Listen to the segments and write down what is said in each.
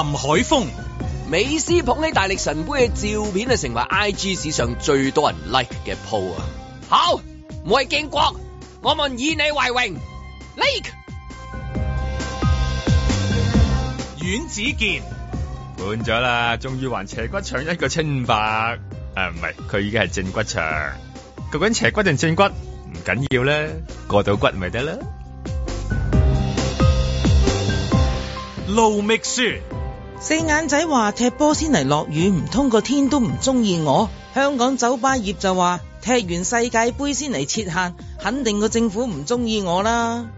林海峰，美斯捧起大力神杯嘅照片啊，成為 I G 史上最多人 like 嘅 po 啊！好，吳建國，我們以你為榮，like。阮子健，換咗啦，終於還斜骨長一個清白。誒、啊，唔係，佢已經係正骨長。究竟斜骨定正骨唔緊要咧，過到骨咪得啦。盧覓雪。四眼仔話踢波先嚟落雨，唔通個天都唔中意我？香港酒吧業就話踢完世界杯先嚟撤限，肯定個政府唔中意我啦。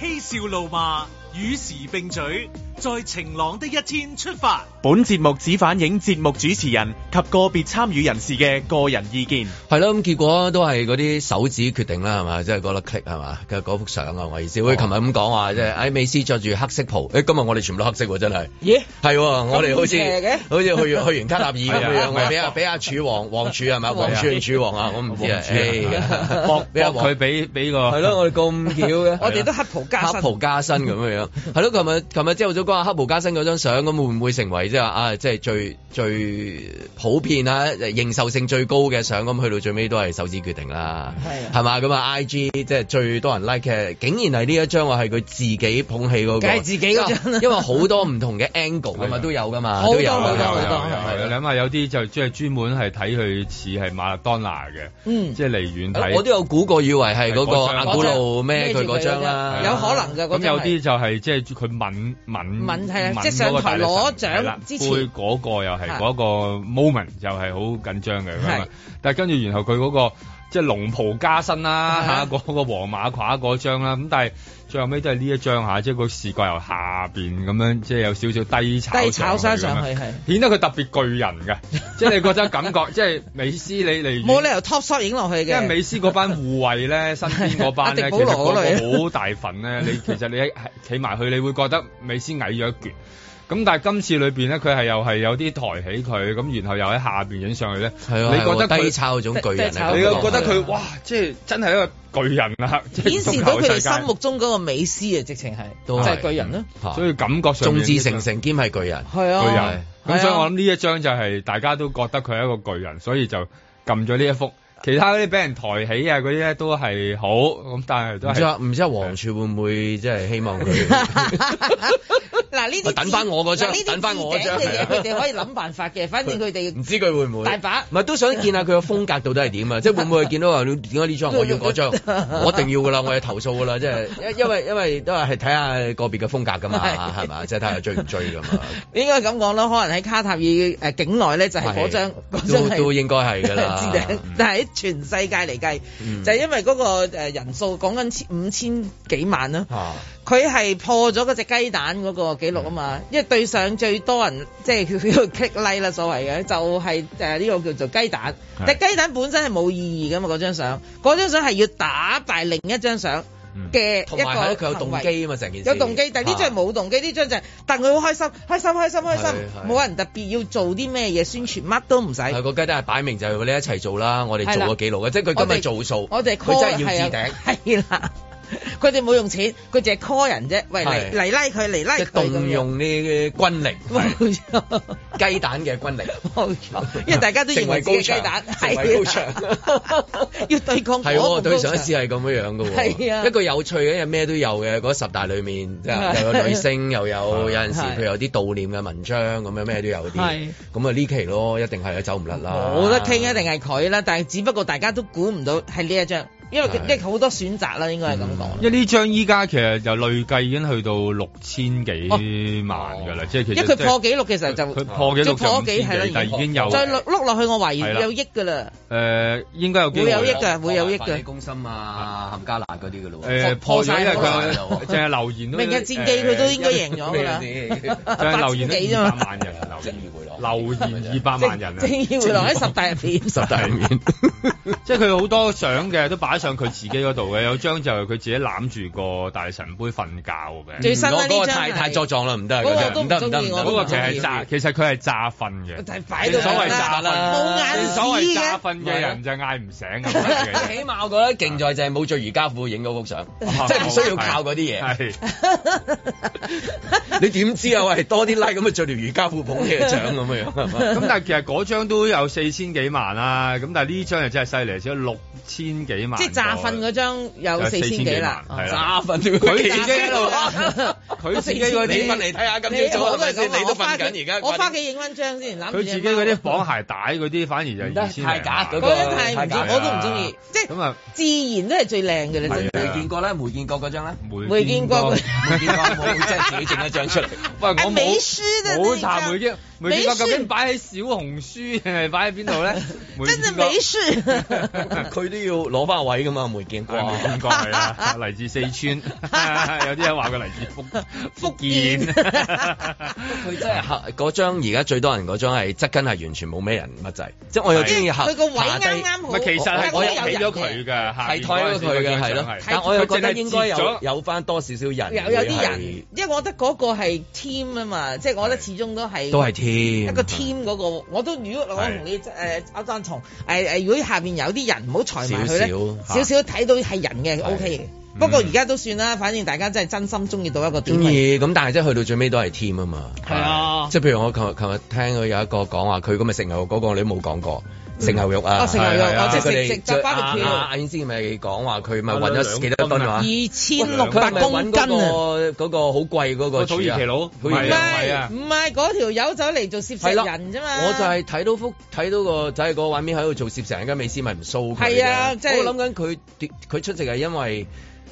嬉笑怒罵，與時並舉，在晴朗的一天出發。本節目只反映節目主持人及個別參與人士嘅個人意見。係咯，咁結果都係嗰啲手指決定啦，係嘛，即係嗰粒 click 係嘛，其實嗰幅相啊，我意思。佢琴日咁講話，即係誒美斯着住黑色袍，誒，今日我哋全部都黑色喎，真係。咦？係，我哋好似好似去去完卡塔爾咁樣樣，俾啊俾啊儲皇皇儲係嘛，王儲儲王啊，我唔知啊。博俾啊，佢俾俾個係咯，我哋咁橋嘅，我哋都黑袍加黑袍加身咁樣樣。係咯，琴日琴日朝早講啊，黑袍加身嗰張相，咁會唔會成為即係啊，即係最最普遍啦，認受性最高嘅相咁，去到最尾都係手指決定啦，係，係嘛咁啊？IG 即係最多人 like 嘅，竟然係呢一張啊，係佢自己捧起嗰個，係自己嗰張，因為好多唔同嘅 angle 噶嘛，都有噶嘛，好多好多好多。你諗下，有啲就即係專門係睇佢似係馬拉當拿嘅，嗯，即係離遠睇，我都有估過，以為係嗰個阿古路孭佢嗰張啦，有可能噶。咁有啲就係即係佢吻吻吻，係即係上台攞獎。背嗰個又係嗰個 moment，就係好緊張嘅，但係跟住然後佢嗰個即係龍袍加身啦，吓嗰個黃馬褂嗰張啦，咁但係最後尾都係呢一張吓，即係個視角由下邊咁樣，即係有少少低炒，低炒上去係，顯得佢特別巨人嘅，即係你覺得感覺，即係美斯你嚟，冇理由 top shot 影落去嘅，因為美斯嗰班護衛咧，身邊嗰班咧，其實好大份咧，你其實你一企埋去，你會覺得美斯矮咗一橛。咁但係今次裏邊咧，佢係又係有啲抬起佢，咁然後又喺下邊影上去咧。係啊，你覺得佢抄種巨人種種你又覺得佢、啊、哇，即、就、係、是、真係一個巨人啊！顯示到佢哋心目中嗰個美斯啊，直情係即係是巨人啦、啊。啊、所以感覺上眾志成城兼係巨人。係啊，咁人、啊啊、所以我諗呢一張就係大家都覺得佢係一個巨人，所以就撳咗呢一幅。其他嗰啲俾人抬起啊，嗰啲咧都係好咁，但係都唔知啊，黃柱會唔會即係希望佢？嗱呢等翻我嗰張，等翻我嗰張，佢哋可以諗辦法嘅，反正佢哋唔知佢會唔會大把，唔係都想見下佢嘅風格到底係點啊？即係會唔會見到話點解呢張我要嗰張，我一定要噶啦，我要投訴噶啦，即係因為因為都係係睇下個別嘅風格噶嘛，係嘛？即係睇下追唔追噶嘛？應該咁講咯，可能喺卡塔爾誒境內咧就係嗰張都應該係噶啦，但係全世界嚟計，嗯、就因為嗰個人數講緊五千幾萬啦，啊，佢係、啊、破咗嗰隻雞蛋嗰個記錄啊嘛，嗯、因為對上最多人即係叫叫 click like 啦所謂嘅，就係呢個叫做雞蛋，是但雞蛋本身係冇意義㗎嘛，嗰張相，嗰張相係要打敗另一張相。嘅一個行佢有，有動機啊嘛，成件事，有動機，但呢張冇動機，呢張就係，但佢好開心，開心開心開心，冇的人特別要做啲咩嘢宣傳，乜的都唔使。係，個雞都係擺明就係我哋一齊做啦，我哋做個記錄嘅，的即係佢今日做數，我哋們佢真係要置頂係啦。的佢哋冇用錢，佢淨係 call 人啫。喂，嚟嚟拉佢嚟拉，即係動用啲軍力。冇錯，雞蛋嘅軍力。因為大家都認為雞蛋係高牆，要對抗。係喎，對上一次係咁樣樣嘅喎。係啊，一個有趣嘅嘢，咩都有嘅。嗰十大裏面，即係又有女星，又有有陣時佢有啲悼念嘅文章咁樣，咩都有啲。咁啊呢期咯，一定係啊，走唔甩啦。冇得傾一定係佢啦，但係只不過大家都估唔到係呢一張。因為好多選擇啦，應該係咁講。因為呢張依家其實就累計已經去到六千幾萬噶啦，即係其實為佢破紀錄，其實就佢破紀錄破先，但係已經有再碌落去，我懷疑有億噶啦。誒，應該有估有億㗎，會有億㗎。公心啊，含家難嗰啲㗎咯。破曬啦！淨係留言都《明日戰記》，佢都應該贏咗啦。就係留言幾咋嘛？百萬人留回言，二百萬人正義迴廊喺十大片，十大片。即係佢好多相嘅都擺。張佢自己嗰度嘅，有張就係佢自己攬住個大神杯瞓覺嘅。最新嗰個太太作狀啦，唔得，嗰個得，唔得。嗰個就係詐，其實佢係詐瞓嘅。就係擺到所謂詐啦，冇眼所謂詐瞓嘅人就嗌唔醒嘅。起碼我覺得勁在就係冇着瑜伽褲影嗰幅相，即係唔需要靠嗰啲嘢。你點知啊？喂，多啲拉咁啊，着條瑜伽褲捧起個獎咁樣。咁但係其實嗰張都有四千幾萬啦。咁但係呢張又真係犀利，只有六千幾萬。炸瞓嗰張有四千幾啦，炸瞓佢自己喺度佢自己嗰你嚟睇下咁早係你都瞓緊而家，我花幾影翻張先，諗住佢自己嗰啲綁鞋帶嗰啲反而就唔得，太假，嗰種太唔中意，我都唔中意，即係自然都係最靚嘅係未見過呢？梅見過嗰張咧，梅見見過。佢真係自己整一張出嚟，喂我美輸都冇慘佢啫。梅見究竟擺喺小紅書定係擺喺邊度咧？真正美書，佢都要攞翻位噶嘛？梅見，唔該啊，嚟自四川，有啲人話佢嚟自福福建。佢真係嗰張而家最多人嗰張係側跟，係完全冇咩人乜滯，即係我有啲嘢，佢個位啱啱好。其實係我又睇咗佢嘅，係睇咗佢嘅，係咯。但我又覺得應該有有翻多少少人，有有啲人，因為我覺得嗰個係 team 啊嘛，即係我覺得始終都係都係 team 一個 team 嗰個，我都如果我同你誒交爭從誒如果下面有啲人唔好裁埋佢少少睇到係人嘅 OK。不過而家都算啦，反正大家真係真心鍾意到一個點。咁而咁，但係即係去到最尾都係 team 啊嘛。係啊，即係譬如我琴日琴日聽佢有一個講話，佢咁咪成日嗰個你都冇講過。食牛肉啊！啊，食牛肉即食食就花皮條。阿阿英先咪講話佢咪運咗幾多噸，係二千六百公斤啊！搵個好貴嗰個。個土耳其佬佢唔係唔係嗰條友走嚟做攝食人啫嘛。我就係睇到幅睇到個仔個畫面喺度做攝食人家美斯咪唔 show 佢。係啊，即係。我諗緊佢佢出席係因為。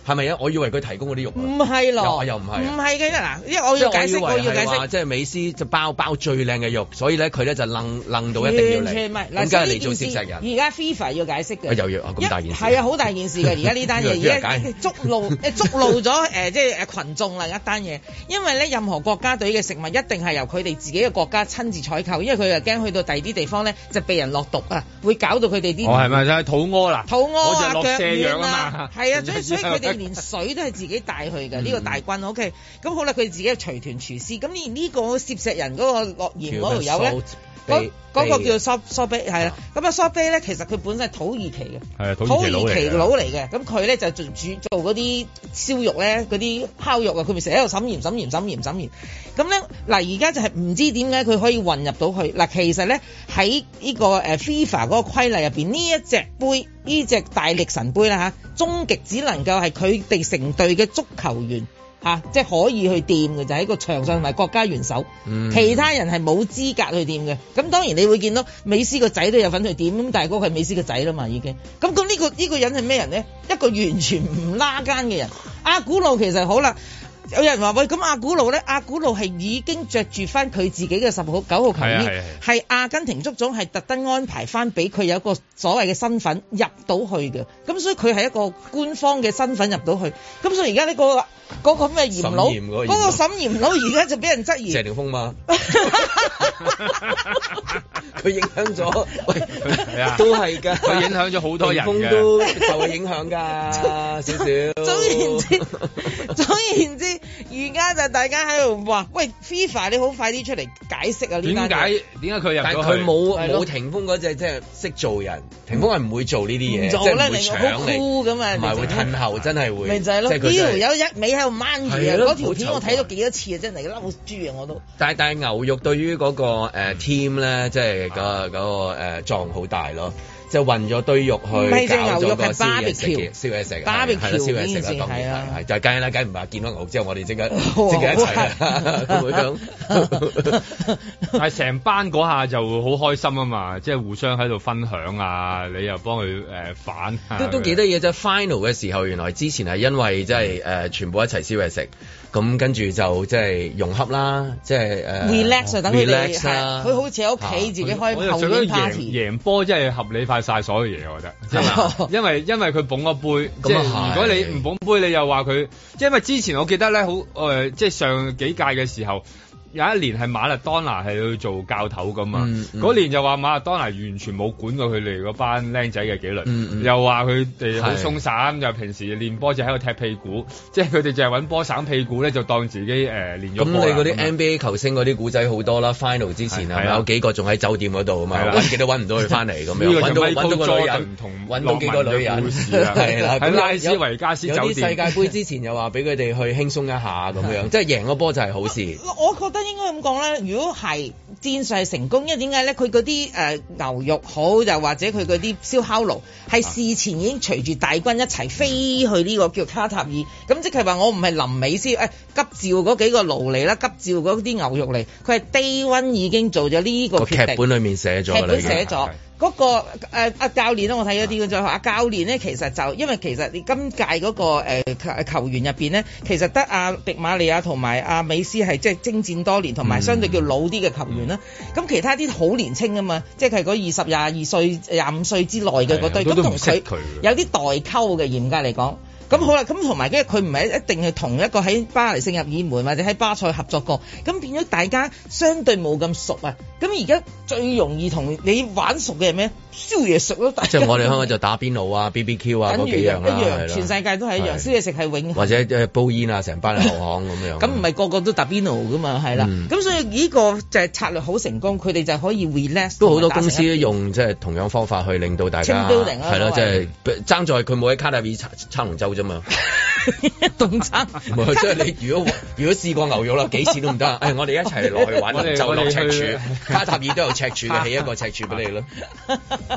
係咪啊？我以為佢提供嗰啲肉，唔係咯，又唔係，唔係嘅。嗱，因為我要解釋，我要解釋，即係美斯就包包最靚嘅肉，所以咧佢咧就愣愣到一定要嚟，完全唔係嗱，呢件事而家 FIFA 要解釋嘅。又要咁大件事，係啊，好大件事嘅。而家呢單嘢，而家觸怒誒觸怒咗誒即係誒羣眾另一單嘢，因為咧任何國家隊嘅食物一定係由佢哋自己嘅國家親自採購，因為佢又驚去到第二啲地方咧就被人落毒啊，會搞到佢哋啲。哦，係咪就係肚屙啦？肚屙啊，落瀉藥啊嘛，係啊，即係所以佢哋。連水都係自己帶去嘅呢個大軍。OK 咁好啦，佢哋自己係隨團廚師。咁而呢個攝石人嗰個樂言嗰條友咧？嗰嗰被個叫做 Salt Bae 係啦，咁啊 Salt Bae 咧，其實佢本身係土耳其嘅，土耳其佬嚟嘅，咁佢咧就主做嗰啲燒肉咧，嗰啲烤肉啊，佢咪成日喺度滲鹽滲鹽滲鹽滲鹽。咁咧嗱而家就係唔知點解佢可以混入到去嗱，其實咧喺呢個誒 FIFA 嗰個規例入邊，呢一隻杯，呢隻大力神杯啦嚇，終極只能夠係佢哋成隊嘅足球員。嚇、啊，即係可以去掂嘅，就係、一個場上同埋國家元首。嗯、其他人係冇資格去掂嘅。咁當然你會見到，美斯個仔都有份去掂，咁但係嗰個美斯、個仔啦嘛已經咁咁呢個呢個人係咩人咧？一個完全唔拉更嘅人。阿、啊、古路其實好啦。有人話喂，咁阿古魯咧，阿古魯係已經着住翻佢自己嘅十號九號球衣，係、啊啊啊、阿根廷足總係特登安排翻俾佢有個所謂嘅身份入到去嘅，咁所以佢係一個官方嘅身份入到去，咁所以而家呢個嗰、嗰個咩嚴老嗰個沈嚴老而家就俾人質疑。謝霆鋒嘛？佢 影響咗，喂，啊、都係㗎，佢影響咗好多人都受影響㗎少少。總言之，總言之。 而家就大家喺度話，喂，FIFA，你好快啲出嚟解釋啊！點解點解佢入咗但佢冇冇霆鋒嗰隻，即係識做人。霆鋒係唔會做呢啲嘢，即係你好酷咁啊！唔係會褪後，真係會。明就係咯，呢條友一味喺度掹住嗰條片，我睇咗幾多次啊！真係嬲豬啊！我都。但係但係牛肉對於嗰個誒 team 咧，即係嗰個嗰個誒作用好大咯。就混咗堆肉去，咪整牛肉係燒嘢食，燒嘢食，燒嘢食啦，係啊，係啊，就梗咁啦，梗唔係話見到牛之後，我哋即刻即刻一齊，啦，唔會咁。但係成班嗰下就好開心啊嘛，即係互相喺度分享啊，你又幫佢誒反，都都幾得意嘅啫。Final 嘅時候，原來之前係因為即係誒全部一齊燒嘢食，咁跟住就即係融洽啦，即係誒。relax 啊，等佢哋係，佢好似喺屋企自己開，後面 party。贏波即係合理快。晒所有嘢，我覺得，係咪 因為因為佢捧個杯，即係 如果你唔捧杯，你又話佢，即係、因為之前我記得咧，好誒，即、呃、係、即係、上幾屆嘅時候。有一年係馬拉當拿係去做教頭咁啊！嗰年就話馬拉當拿完全冇管過佢哋嗰班僆仔嘅紀律，又話佢哋好鬆散，就平時練波就喺度踢屁股，即係佢哋淨係揾波省屁股咧，就當自己誒練咗波。咁你嗰啲 NBA 球星嗰啲古仔好多啦，Final 之前啊，有幾個仲喺酒店嗰度啊嘛，揾幾都揾唔到佢翻嚟咁樣，揾到揾咗個女人，同揾到幾個女人。喺拉斯維加斯酒店，世界盃之前又話俾佢哋去輕鬆一下咁樣，即係贏個波就係好事。我覺得。應該咁講咧，如果係戰術係成功，因為點解咧？佢嗰啲誒牛肉好，又或者佢嗰啲燒烤爐係事前已經隨住大軍一齊飛去呢個叫卡塔爾，咁、啊、即係話我唔係臨尾先誒急召嗰幾個爐嚟，啦，急召嗰啲牛肉嚟，佢係 day one 已經做咗呢個決定。劇本裏面寫咗，寫咗。嗰個誒阿教練啦，我睇咗啲嘅再阿教練咧，其實就因為其實你今屆嗰、那個、呃、球員入面咧，其實得阿、啊、迪馬利亞同埋阿美斯係即係精戰多年，同埋相對叫老啲嘅球員啦。咁、嗯嗯、其他啲好年輕啊嘛，即係佢嗰二十廿二歲、廿五歲之內嘅嗰堆，都同佢有啲代溝嘅。嚴格嚟講，咁、嗯、好啦，咁同埋即係佢唔係一定係同一個喺巴黎聖日耳門或者喺巴塞合作過，咁變咗大家相對冇咁熟啊。咁而家最容易同你玩熟嘅係咩？宵夜熟咯，即係我哋香港就打邊爐啊、B B Q 啊嗰幾樣啦，全世界都係一樣宵夜食係永，或者煲煙啊，成班後巷咁樣。咁唔係個個都打邊爐噶嘛，係啦。咁所以呢個就係策略好成功，佢哋就可以 relax。都好多公司都用即係同樣方法去令到大家。青島係啦，即係爭在佢冇喺卡塔爾撐撐龍舟啫嘛。即係你如果如果試過牛肉啦，幾錢都唔得。我哋一齊嚟落去玩，就落赤柱。卡塔爾都有赤柱嘅，起一個赤柱俾你咯，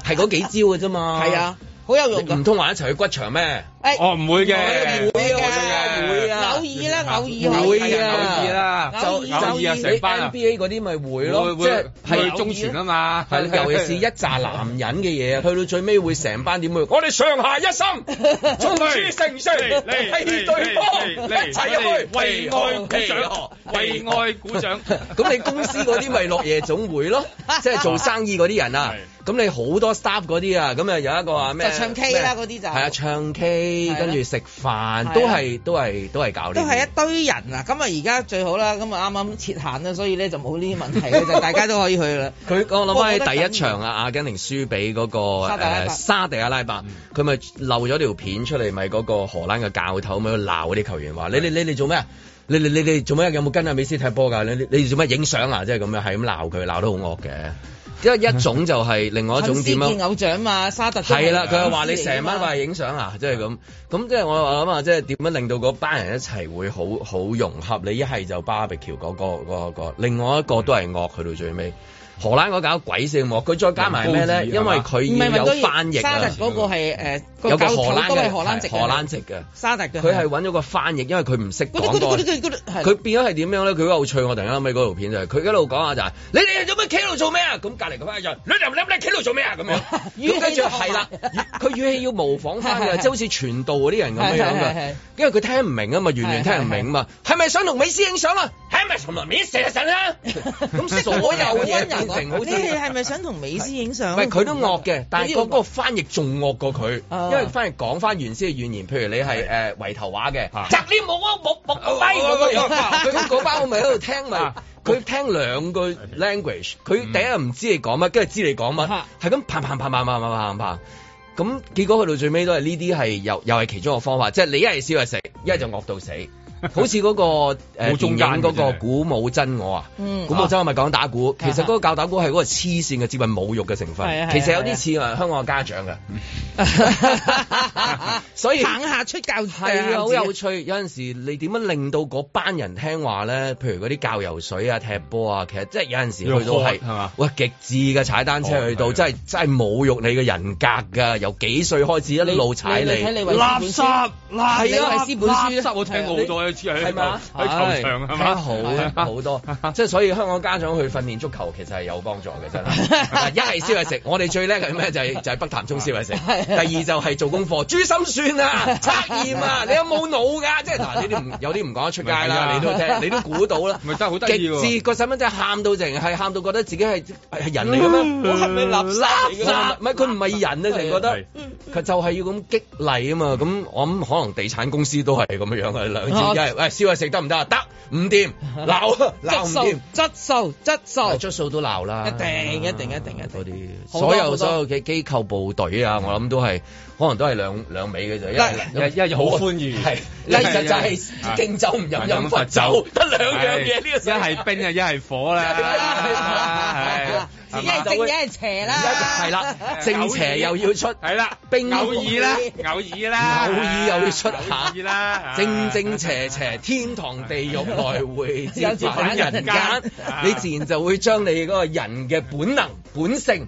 係嗰幾招嘅啫嘛。係 啊。好有用，唔通話一齊去骨場咩？哦，唔會嘅，唔會嘅，會啊！偶爾啦，偶爾去。會啊！偶爾啦，就偶爾啊！成班 NBA 嗰啲咪會咯，即係中傳啊嘛。係，尤其是一紮男人嘅嘢啊，去到最尾會成班點會？我哋上下一心，眾志成城，氣對方。一齊去為愛鼓掌，為愛鼓掌。咁你公司嗰啲咪落夜總會咯？即係做生意嗰啲人啊。咁你好多 staff 嗰啲啊，咁啊有一個話咩？就唱 K 啦，嗰啲就係啊，唱 K，跟住食飯的都係都係都係搞呢啲都係一堆人啊！咁啊而家最好啦，咁啊啱啱撤限啦，所以咧就冇呢啲問題 就大家都可以去啦。佢我諗翻起第一場啊，阿根廷輸俾嗰個沙地阿拉伯，佢咪、呃嗯、漏咗條片出嚟，咪、就、嗰、是、個荷蘭嘅教頭咪去度鬧嗰啲球員話的：你你你哋做咩？你你你哋做咩？有冇跟阿美斯踢波㗎？你你哋做咩影相啊？即係咁樣係咁鬧佢，鬧、就是就是、得好惡嘅。即係 一,一種就係另外一種點樣偶像嘛，沙特係啦，佢又話你成晚話影相啊，即係咁，咁即係我話諗下，即係點樣令到嗰班人一齊會好好融合你？你一係就巴比橋嗰個嗰個，那個那個、另外一個都係惡去到最尾。荷蘭嗰搞鬼性喎，佢再加埋咩咧？不不因為佢已經有翻譯啊！沙特嗰個係誒，個狗荷蘭嘅，荷蘭籍嘅沙特嘅。佢係揾咗個翻譯，因為佢唔識。佢變咗係點樣咧？佢有趣。我突然間諗起嗰條片就係，佢一路講下就係：你哋有咩企喺度做咩啊？咁隔離嗰班企喺度做咩啊？咁樣，咁跟住係啦，佢 語,語氣要模仿翻嘅，即好似傳道嗰啲人咁樣，因為佢聽唔明啊嘛，完全聽唔明啊嘛，係咪想同美斯影相啊？係咪從美面射啊？咁所有人。好，你哋係咪想同美斯影相？唔，佢都惡嘅，但係嗰嗰個翻譯仲惡過佢，因為翻譯講翻原先嘅語言。譬如你係誒圍頭話嘅，摘啲木啊木木個雞。佢講翻我咪喺度聽，咪佢聽兩句 language，佢第一日唔知你講乜，跟住知你講乜，係咁啪啪啪啪啪啪啪。咁結果去到最尾都係呢啲係又又係其中一個方法，即係你一係燒嚟食，一係就惡到死。好似嗰個誒演嗰個鼓動真我啊，鼓動真我咪講打鼓，其實嗰個教打鼓係嗰個黐線嘅，接近侮辱嘅成分。其實有啲似啊香港嘅家長噶。所以行下出教係啊，好有趣。有陣時你點樣令到嗰班人聽話咧？譬如嗰啲教游水啊、踢波啊，其實即係有陣時去到係係嘛？喂，極致嘅踩單車去到，真係真係侮辱你嘅人格噶！由幾歲開始一路踩嚟，垃圾垃圾，係本書，垃圾我聽老咗。係嘛？喺球場啊，係嘛？好好多，即係所以香港家長去訓練足球其實係有幫助嘅，真係。嗱，一係燒嘢食，我哋最叻係咩？就係就係北潭涌燒嘢食。第二就係做功課，珠心算啊，測驗啊，你有冇腦㗎？即係嗱，呢啲有啲唔講得出街啦，你都聽，你都估到啦。咪真係好得意喎！個細蚊仔喊到成係喊到覺得自己係係人嚟㗎咩？你垃圾嚟㗎？唔係佢唔係人啊，成覺得佢就係要咁激勵啊嘛。咁我諗可能地產公司都係咁樣嘅兩係喂，燒嘢食得唔得啊？得，唔掂，鬧，鬧唔掂，質素質素質素，質素都鬧啦。一定一定一定一定，啲、啊、多所有多所有嘅機構、部隊啊，我諗都係。可能都係兩兩味嘅啫，一係一係好歡愉。係，其實就係敬酒唔飲飲罰酒，得兩樣嘢呢個時候，一係冰啊，一係火啦，係，一係正，一係邪啦，係啦，正邪又要出，係啦，冰，偶爾啦，偶爾啦，偶爾又要出吓，啦，正正邪邪，天堂地獄來回之間，人間，你自然就會將你嗰個人嘅本能本性。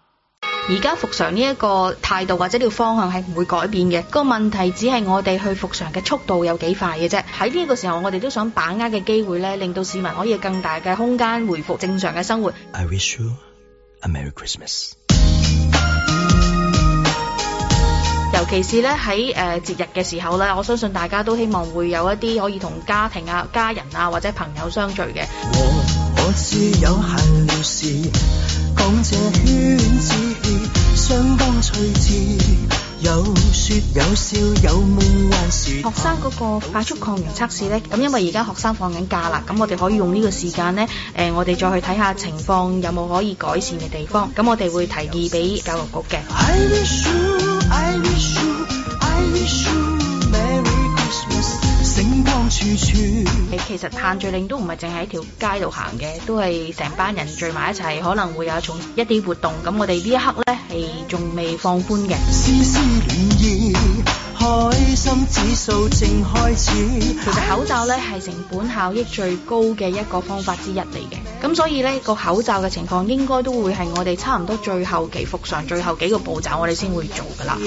而家復常呢一個態度或者呢個方向係唔會改變嘅，個問題只係我哋去復常嘅速度有幾快嘅啫。喺呢個時候，我哋都想把握嘅機會咧，令到市民可以更大嘅空間回復正常嘅生活。I wish you a merry Christmas。尤其是咧喺誒節日嘅時候咧，我相信大家都希望會有一啲可以同家庭啊、家人啊或者朋友相聚嘅。我學生嗰個快速抗原測試咧，咁因為而家學生放緊假啦，咁我哋可以用呢個時間咧，誒、呃，我哋再去睇下情況有冇可以改善嘅地方，咁我哋會提議俾教育局嘅。係，其實限聚令都唔係淨係喺條街度行嘅，都係成班人聚埋一齊，可能會有一種一啲活動。咁我哋呢一刻咧係仲未放寬嘅。思思戀意開心指數正開始。其實口罩咧係成本效益最高嘅一個方法之一嚟嘅，咁所以咧，個口罩嘅情況應該都會係我哋差唔多最後期復常，最後幾個步驟我哋先會做㗎啦。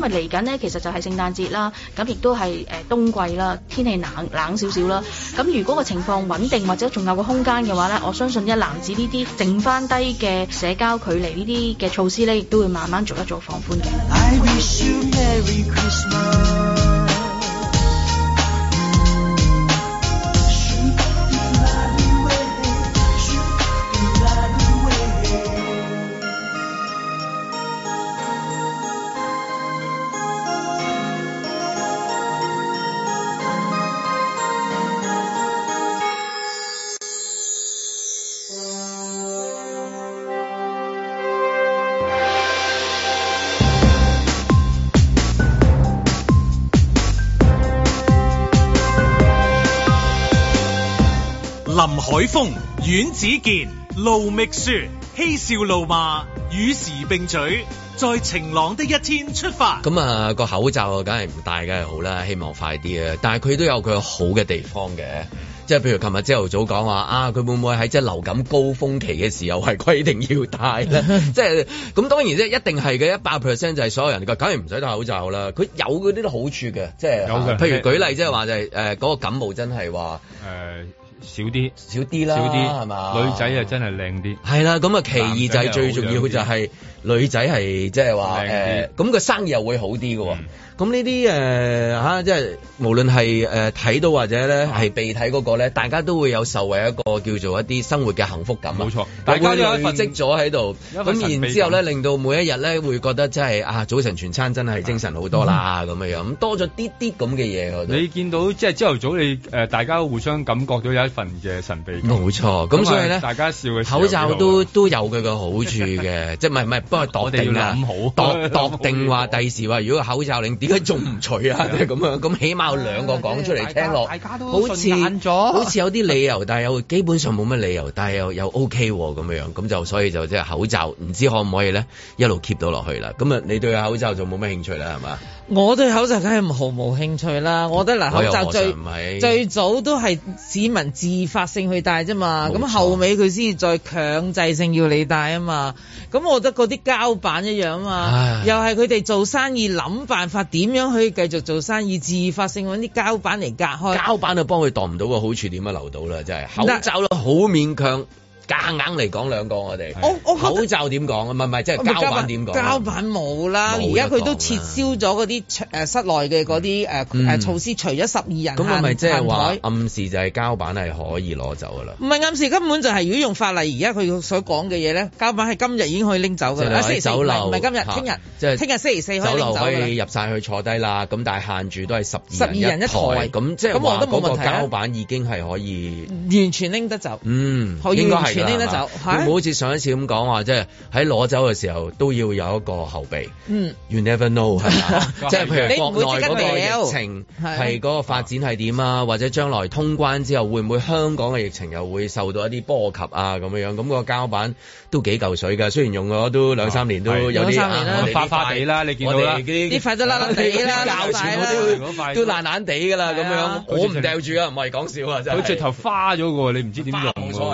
因為嚟緊咧，其實就係聖誕節啦，咁亦都係誒冬季啦，天氣冷冷少少啦。咁如果個情況穩定或者仲有個空間嘅話咧，我相信一籃子呢啲剩翻低嘅社交距離呢啲嘅措施咧，亦都會慢慢做一做放寬嘅。I wish you, Merry 林海峰、阮子健、盧覓雪、嬉笑怒罵與時並舉，在晴朗的一天出發。咁啊，個口罩啊，梗係唔戴梗係好啦，希望快啲啊！但係佢都有佢好嘅地方嘅，即係譬如琴日朝頭早講話啊，佢會唔會喺即係流感高峰期嘅時候係規定要戴咧？即係咁，當然即係一定係嘅，一百 percent 就係所有人個，梗係唔使戴口罩啦。佢有嗰啲好處嘅，即係，有嘅，譬如，舉例即係話就係誒嗰個感冒真係話誒。呃少啲，少啲啦，少啲係嘛？吧女仔啊，真係靚啲。係啦，咁啊，其二就係最重要嘅、就係，就係。女仔係即係話誒，咁白、呃咁個生意又會好啲嘅。咁呢啲誒即係無論係誒睇到或者咧係被睇嗰、那個咧，啊、大家都會有受惠一個叫做一啲生活嘅幸福感。冇錯，大家都會積咗喺度，咁然之後咧令到每一日咧會覺得真、就、係、是、啊，早晨全餐真係精神好多啦咁、嗯、樣。咁多咗啲啲咁嘅嘢，你見到即係朝頭早你誒、呃，大家互相感覺到有一份嘅神秘感。冇錯，咁所以咧，大家笑口罩都都有佢嘅好處嘅， 即係唔不過度定啊好度， 度，度定話第 時話如果口罩令點解仲唔除啊？即係咁樣咁，起碼兩個講出嚟 家聽落，好大家都好似有啲理， 理由，但係又基本上冇乜理由，但係又又 OK 喎咁樣咁就所以就即係口罩唔知可唔可以咧一路 keep 到落去啦。咁啊，你對口罩就冇乜興趣啦，係嘛？我對口罩梗係毫無興趣啦，嗯、我覺得嗱，那口罩最最早都係市民自發性去戴啫嘛，咁錯後尾佢先至再強制性要你戴啊嘛，咁我覺得嗰啲膠板一樣啊嘛，唉又係佢哋做生意諗唉辦法點樣去繼續做生意，自發性搵啲膠板嚟隔開。膠板就幫佢度唔到個好處，點樣留到啦？真、就、係、是、口罩咧，好那勉強。夾硬嚟講兩個我哋，我我口罩點講啊？唔係唔係，即係膠板點講？膠板冇啦，而家佢都撤銷咗嗰啲誒室內嘅嗰啲誒措施，嗯、除咗十二人。咁係咪即係話暗示就係膠板係可以攞走㗎啦？唔係暗示根本就係如果用法例，而家佢所講嘅嘢咧，膠板係今日已經可以拎走㗎啦。酒樓唔係今日，聽、啊就是、日即係聽日星期四可以拎走啦。可以入晒去坐低啦，咁但係限住都係十二人一台咁，即係話嗰個膠板已經係可以完全拎得走。嗯，應該係。拎得走，唔會好似上一次咁講話，即係喺攞走嘅時候都要有一個後備。嗯，You never know，係嘛？即係譬如國內嗰個疫情係嗰個發展係點啊？或者將來通關之後會唔會香港嘅疫情又會受到一啲波及啊？咁樣樣，咁個膠板都幾嚿水㗎，雖然用咗都兩三年都有啲花花地啦，你見哋啲花都爛爛地啦，膠帶嗰啲都爛爛地㗎啦，咁樣我唔掉住啊，唔係講笑啊，佢直頭花咗㗎喎，你唔知點用㗎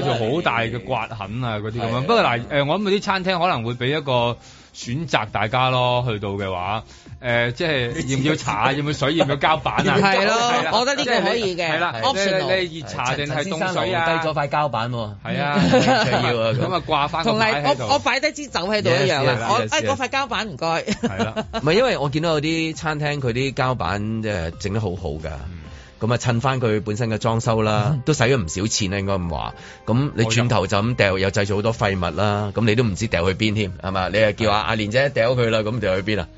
做好大嘅刮痕啊，嗰啲咁樣。不過嗱，誒，我諗嗰啲餐廳可能會俾一個選擇大家咯，去到嘅話，誒，即係要唔要茶、要唔要水、要唔要膠板啊？係咯，我覺得呢個可以嘅。係啦，你熱茶定係凍水啊？低咗塊膠板喎。係啊，要啊，咁啊掛翻個。同埋我我擺低支酒喺度一樣啦。我誒個塊膠板唔該。係啦，唔係因為我見到有啲餐廳佢啲膠板整得好好㗎。咁啊，趁翻佢本身嘅裝修啦，都使咗唔少錢啦，應該咁話。咁你轉頭就咁掉，又製造好多廢物啦。咁你都唔知掉去邊添，係咪？你又叫阿阿蓮姐掉佢啦，咁掉去邊啊？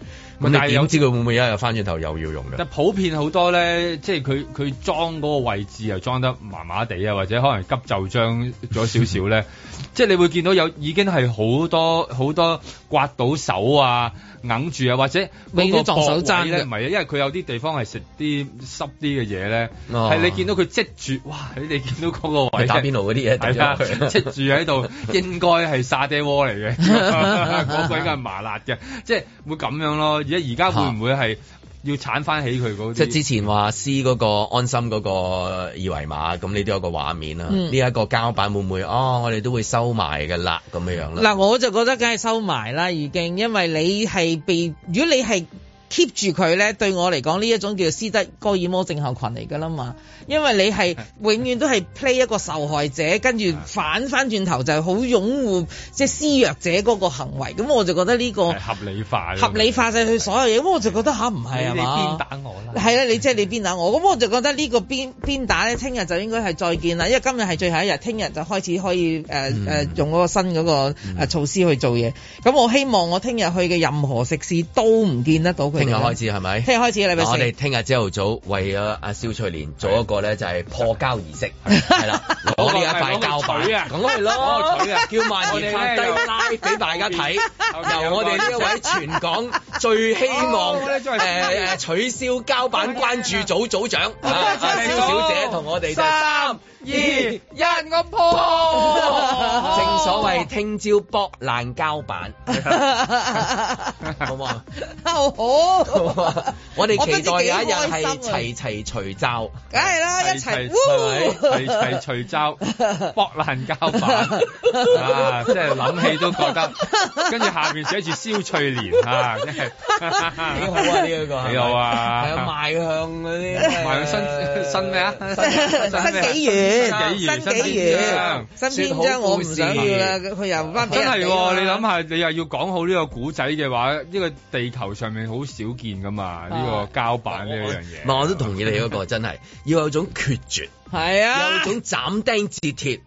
但係點知佢會唔會一日翻轉頭又要用嘅？即係普遍好多咧，即係佢佢裝嗰個位置又裝得麻麻地啊，或者可能急就將咗少少咧。 即係你會見到有已經係好多好多刮到手啊、揞住啊，或者嗰個手踭咧，唔係，因為佢有啲地方係食啲濕啲嘅嘢咧，係、哦、你見到佢積住，哇！你你見到嗰個位置打邊爐嗰啲嘢，積、 啊、住喺度， 應該係沙爹鍋嚟嘅，嗰 個應該係麻辣嘅， 即係會咁樣咯。即而家會唔會係要鏟翻起佢嗰？即之前話撕嗰個安心嗰個二維碼，咁呢都有個畫面啦。呢一、嗯、個膠板會唔會？哦，我哋都會收埋㗎啦，咁樣樣啦。嗱、嗯，我就覺得梗係收埋啦，已經，因為你係被，如果你係，keep 住佢咧，對我嚟講呢一種叫做斯德哥爾摩症候群嚟㗎啦嘛，因為你係永遠都係 play 一個受害者， 跟住反翻轉頭就好擁護即係施虐者嗰個行為，咁我就覺得呢、這個合理化，合理化曬佢所有嘢，咁 我就覺得吓，唔係呀，嘛，鞭打我啦？係啦、啊，你即係你鞭打我，咁我就覺得個鞭鞭呢個鞭鞭打咧，聽日就應該係再見啦，因為今日係最後一日，聽日就開始可以誒、呃嗯、用嗰個新嗰、那個、呃、措施去做嘢，咁、嗯、我希望我聽日去嘅任何食肆都唔見得到佢。聽日開始係咪？聽日開始係咪我哋聽日朝頭早為咗阿蕭翠蓮做一個咧，就係破膠儀式，係啦，攞呢一塊膠板，咁係咯，攞腿啊，叫萬二趴低拉俾大家睇，由我哋呢一位全港最希望誒誒取消膠板關注組組長阿蕭小姐同我哋三。二一我破，正所謂聽朝卜爛膠板，好冇？好，我哋期待有一日係齊齊除罩，梗係啦，齊齊齊齊除罩，搏爛膠板啊！即係諗起都覺得，跟住下邊寫住蕭翠蓮啊，真係幾好啊！呢個幾好啊，係啊，賣向嗰啲賣向新新咩啊？新死魚。幾元？新幾新編章我唔想要啦。佢又翻真係，你諗下，你又要講好呢個古仔嘅話，呢個地球上面好少見噶嘛？呢個膠板呢樣嘢。嘛，我都同意你嗰個，真係要有種決絕，係啊，有種斬釘截鐵，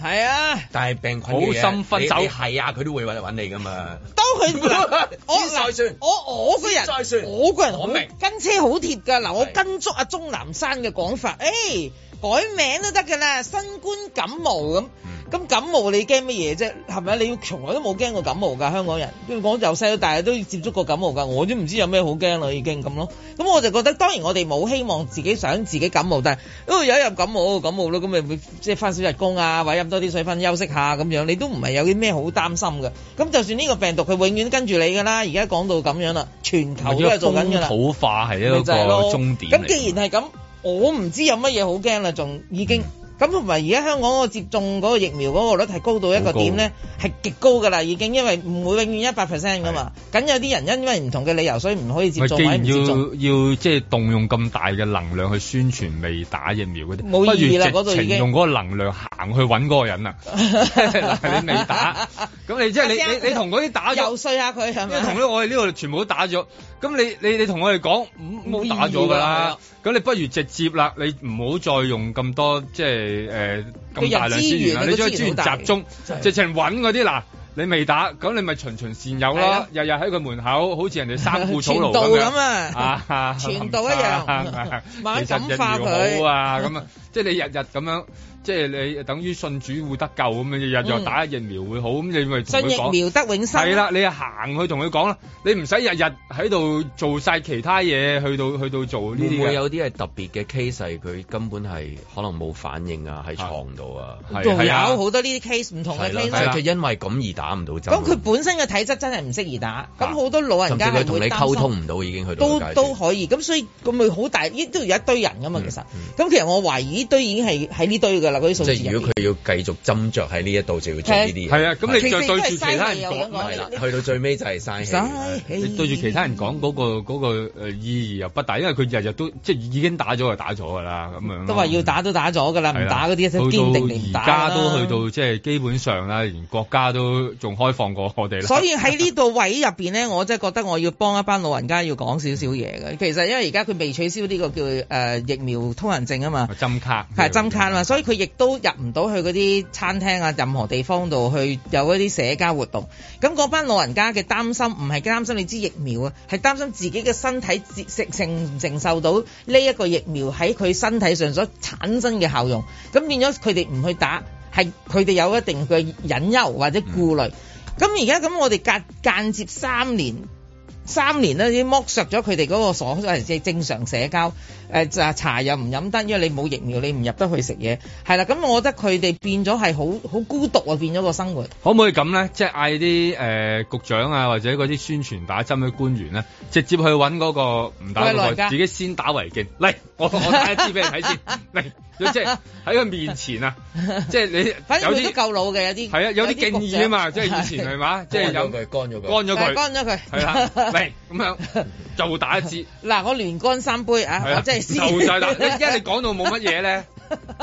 係啊。但係病菌嘅分你係啊，佢都會揾嚟揾你噶嘛。都佢嗱，我嗱，我我個人，我個人好跟車好貼噶。嗱，我跟足阿鍾南山嘅講法，誒。改名都得噶啦，新冠感冒咁，咁感冒你驚乜嘢啫？係咪？你要從來都冇驚過感冒噶香港人，我由細到大都接觸過感冒噶，我都唔知有咩好驚啦已經咁咯。咁我就覺得，當然我哋冇希望自己想自己感冒，但係如果有一日感，感冒，感冒啦，咁你會即係翻少日工啊，或者飲多啲水分休息下咁樣，你都唔係有啲咩好擔心噶。咁就算呢個病毒佢永遠都跟住你噶啦，而家講到咁樣啦，全球都係做緊噶啦。土化係一個終點嚟，咁既然係咁。我唔知有乜嘢好驚啦，仲已經。咁同埋而家香港個接種嗰個疫苗嗰個率係高到一個點咧，係極高㗎啦已經，因為唔會永遠一百 percent 㗎嘛。梗有啲人因為唔同嘅理由，所以唔可以接種。咪既然要要即係動用咁大嘅能量去宣傳未打疫苗嗰啲，冇意義啦，嗰度用嗰個能量行去揾嗰個人啊！你未打，咁你即係你你你同嗰啲打，游説下佢係咪？因為同我哋呢度全部都打咗，咁你你你同我哋講唔好打咗㗎啦。咁你不如直接啦，你唔好再用咁多即係。係誒，咁大量資源，啊，你將資源集中，的直情搵嗰啲嗱，你未打，咁你咪循循善誘咯，日日喺佢門口，好似人哋三顧草廬咁 啊，吓傳、啊、道一樣，慢慢化佢啊，咁啊。 即係你日日咁樣，即係你等於信主會得救咁樣，日日打疫苗會好，咁你咪同佢講疫苗得永生。係啦，你行去同佢講啦，你唔使日日喺度做晒其他嘢，去到去到做呢啲。會有啲係特別嘅 case，佢根本係可能冇反應啊？喺牀度啊，仲有好多呢啲 case 唔同嘅 case。佢因為咁而打唔到針。咁佢本身嘅體質真係唔適宜打。咁好多老人家佢同你溝通唔到已經去到。都都可以，咁所以咁咪好大，呢都有一堆人噶嘛，其實。咁其實我懷疑。堆已經係喺呢堆㗎啦，啲數字。即係如果佢要繼續斟酌喺呢一度，就要做呢啲。係啊，咁你就對住其他人唔係啦，去到最尾就係嘥氣。你對住其他人講嗰個嗰個誒意義又不大，因為佢日日都即係已經打咗就打咗㗎啦，咁樣。都話要打都打咗㗎啦，唔打嗰啲堅定唔打啦。而家都去到即係基本上啦，連國家都仲開放過我哋啦。所以喺呢度位入邊呢，我真係覺得我要幫一班老人家要講少少嘢嘅。其實因為而家佢未取消呢個叫誒疫苗通行證啊嘛，針卡。係針卡嘛，所以佢亦都入唔到去嗰啲餐廳啊，任何地方度去有一啲社交活動。咁嗰班老人家嘅擔心，唔係擔心你支疫苗啊，係擔心自己嘅身體接承唔承受到呢一個疫苗喺佢身體上所產生嘅效用。咁變咗佢哋唔去打，係佢哋有一定嘅隱憂或者顧慮。咁而家咁我哋隔間接三年三年呢已經剝削咗佢哋嗰個所謂即係正常社交。誒就茶又唔飲得，因為你冇疫苗，你唔入得去食嘢。係啦，咁我覺得佢哋變咗係好好孤獨啊，變咗個生活。可唔可以咁咧？即係嗌啲誒局長啊，或者嗰啲宣傳打針嘅官員咧，直接去搵嗰個唔打到，自己先打為敬。嚟，我我打一支俾你睇先。嚟，即係喺佢面前啊，即係你有啲夠老嘅，有啲係啊，有啲敬意啊嘛，即係以前係嘛，即係有乾咗佢，乾咗佢，乾咗佢啦。嚟咁樣就打一支。嗱，我連乾三杯啊，即就晒啦，一一你講到冇乜嘢咧，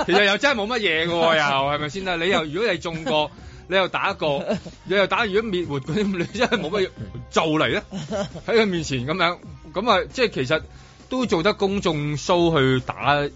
其實又真係冇乜嘢嘅喎，又係咪先啦？你又如果你中過，你又打一個，你又打如果滅活嗰啲，你真係冇乜嘢做嚟咧。喺佢面前咁樣，咁啊，即係其實都做得公眾 show 去打誒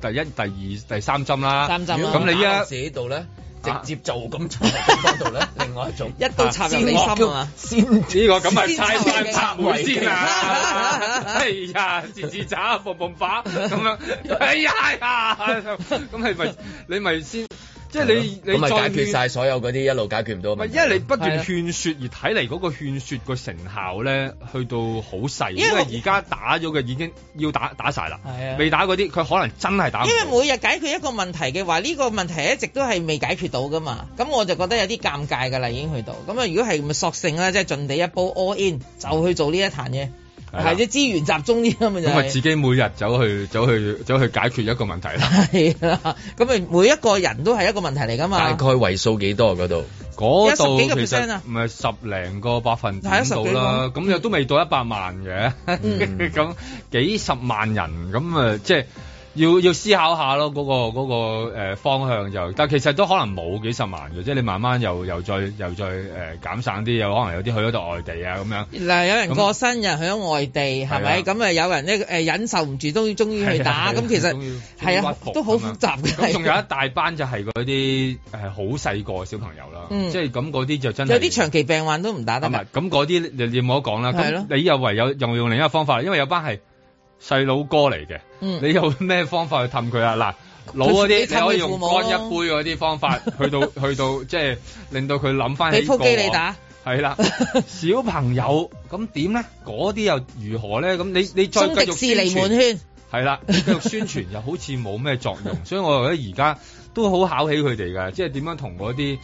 第一、第二、第三針啦。三針咁你依家寫嗰度咧，直接做咁插喺嗰度咧，另外一種一刀插入你心啊！先呢個咁係拆山拆門先啊！ 哎呀，自自扎，碰碰把咁樣，哎呀哎呀，咁係咪你咪先，即係你了你再解決晒所有嗰啲一路解決唔到咪？因為你不斷勸說而睇嚟嗰個勸說個成效咧，去到好細。因為而家打咗嘅已經要打打曬啦，未打嗰啲佢可能真係打唔到。因為每日解決一個問題嘅話，呢個問題一直都係未解決到噶嘛，咁我就覺得有啲尷尬噶啦，已經去到。咁啊，如果係索性啦，即係盡地一鋪 all in 就去做呢一壇嘢。係，即係資源集中啲咁咁啊，就是、就自己每日走去走去走去解決一個問題啦。係啦，咁咪，每一個人都係一個問題嚟噶嘛。大概為數幾多嗰、啊、度？嗰度其實唔係十零個百分之度啦。咁又都未到一百萬嘅，咁、嗯、 幾十萬人咁啊，即係。要要思考下咯，嗰個嗰個誒方向就，但其實都可能冇幾十萬嘅，即係你慢慢又又再又再誒減省啲，又可能有啲去咗到外地啊咁樣。嗱，有人過身，有人去咗外地，係咪？咁啊，有人咧誒忍受唔住，都終於去打。咁其實係啊，都好複雜嘅。仲有一大班就係嗰啲誒好細個小朋友啦。即係咁嗰啲就真係有啲長期病患都唔打得。咁嗰啲你冇得講啦。你又唯有用用另一個方法，因為有班係細佬哥嚟嘅。嗯，你有咩方法去氹佢啊？嗱，老嗰啲你可以用乾一杯嗰啲方法去到 去到，即係、就是、令到佢諗翻起過去。你撲機你打，係啦，小朋友咁點咧？嗰啲又如何咧？咁你你再繼續宣傳，係啦，繼續宣傳又好似冇咩作用。 所以我覺得而家都好考起佢哋㗎，即係點樣同嗰啲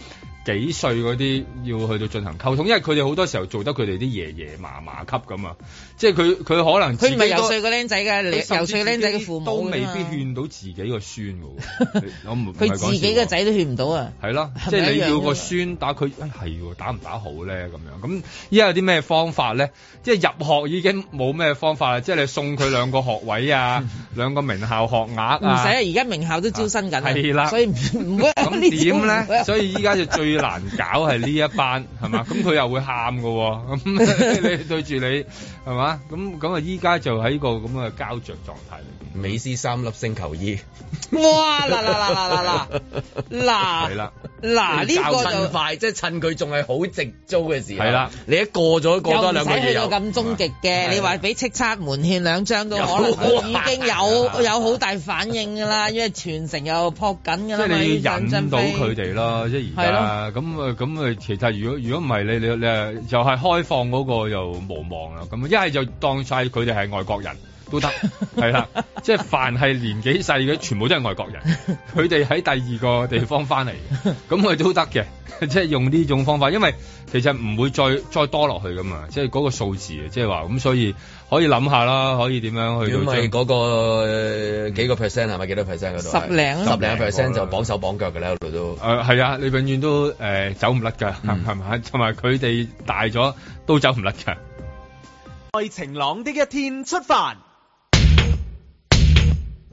幾歲嗰啲要去到進行溝通，因為佢哋好多時候做得佢哋啲爺爺嫲嫲級咁啊。即係佢佢可能佢唔係遊說個僆仔㗎，遊說僆仔嘅父母都未必勸到自己個孫㗎。唔佢 自己個仔都勸唔到啊。係咯，即係你要個孫打佢，係、啊、打唔打好咧咁樣。咁依家有啲咩方法咧？即係入學已經冇咩方法啦。即係你送佢兩個學位啊， 兩個名校學額啊。唔使啊，而家名校都招生緊、啊。係啦，所以唔會咁點咧。所以依家就最難搞係呢一班係嘛？咁佢 又會喊㗎、啊。咁 你對住你係嘛？啊！咁咁啊，依家就喺個咁嘅膠着狀態。美斯三粒星球衣，哇！嗱嗱嗱嗱嗱嗱，嗱係啦，嗱呢個就快，即係趁佢仲係好值租嘅時候。係啦，你一過咗過多兩個月，又唔使去到咁終極嘅。你話俾叱咤門獻兩張都可能已經有有好大反應噶啦，因為全城又撲緊噶啦。即係你要引到佢哋咯，即係而家咁啊咁啊！其實如果如果唔係你你你又係開放嗰個又無望啦。咁一係就當曬佢哋係外國人。都得，係啦， 即係凡係年紀細嘅，全部都係外國人，佢哋喺第二個地方翻嚟，咁佢都得嘅，即係用呢種方法，因為其實唔會再再多落去噶嘛，即係嗰個數字即係話咁，所以可以諗下啦，可以點樣去到最嗰個幾個 percent 係咪？幾多 percent 嗰度？十零十零 percent 就綁手綁腳嘅咧，度都誒係啊是，你永遠都誒、呃、走唔甩噶，係咪，同埋佢哋大咗都走唔甩嘅。在、嗯、晴朗的一天出發。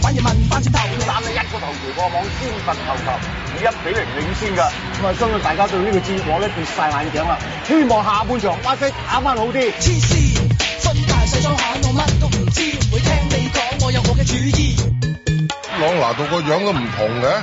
反而問翻轉頭，攬你一個頭條過往先分頭頭，以一比零領先㗎。咁啊，相信大家對這個呢個戰果咧跌曬眼鏡啦。希望下半場巴西打翻好啲。黐線，我乜都唔知，唔會聽你講。我有我嘅主意。朗拿度個樣都唔同嘅。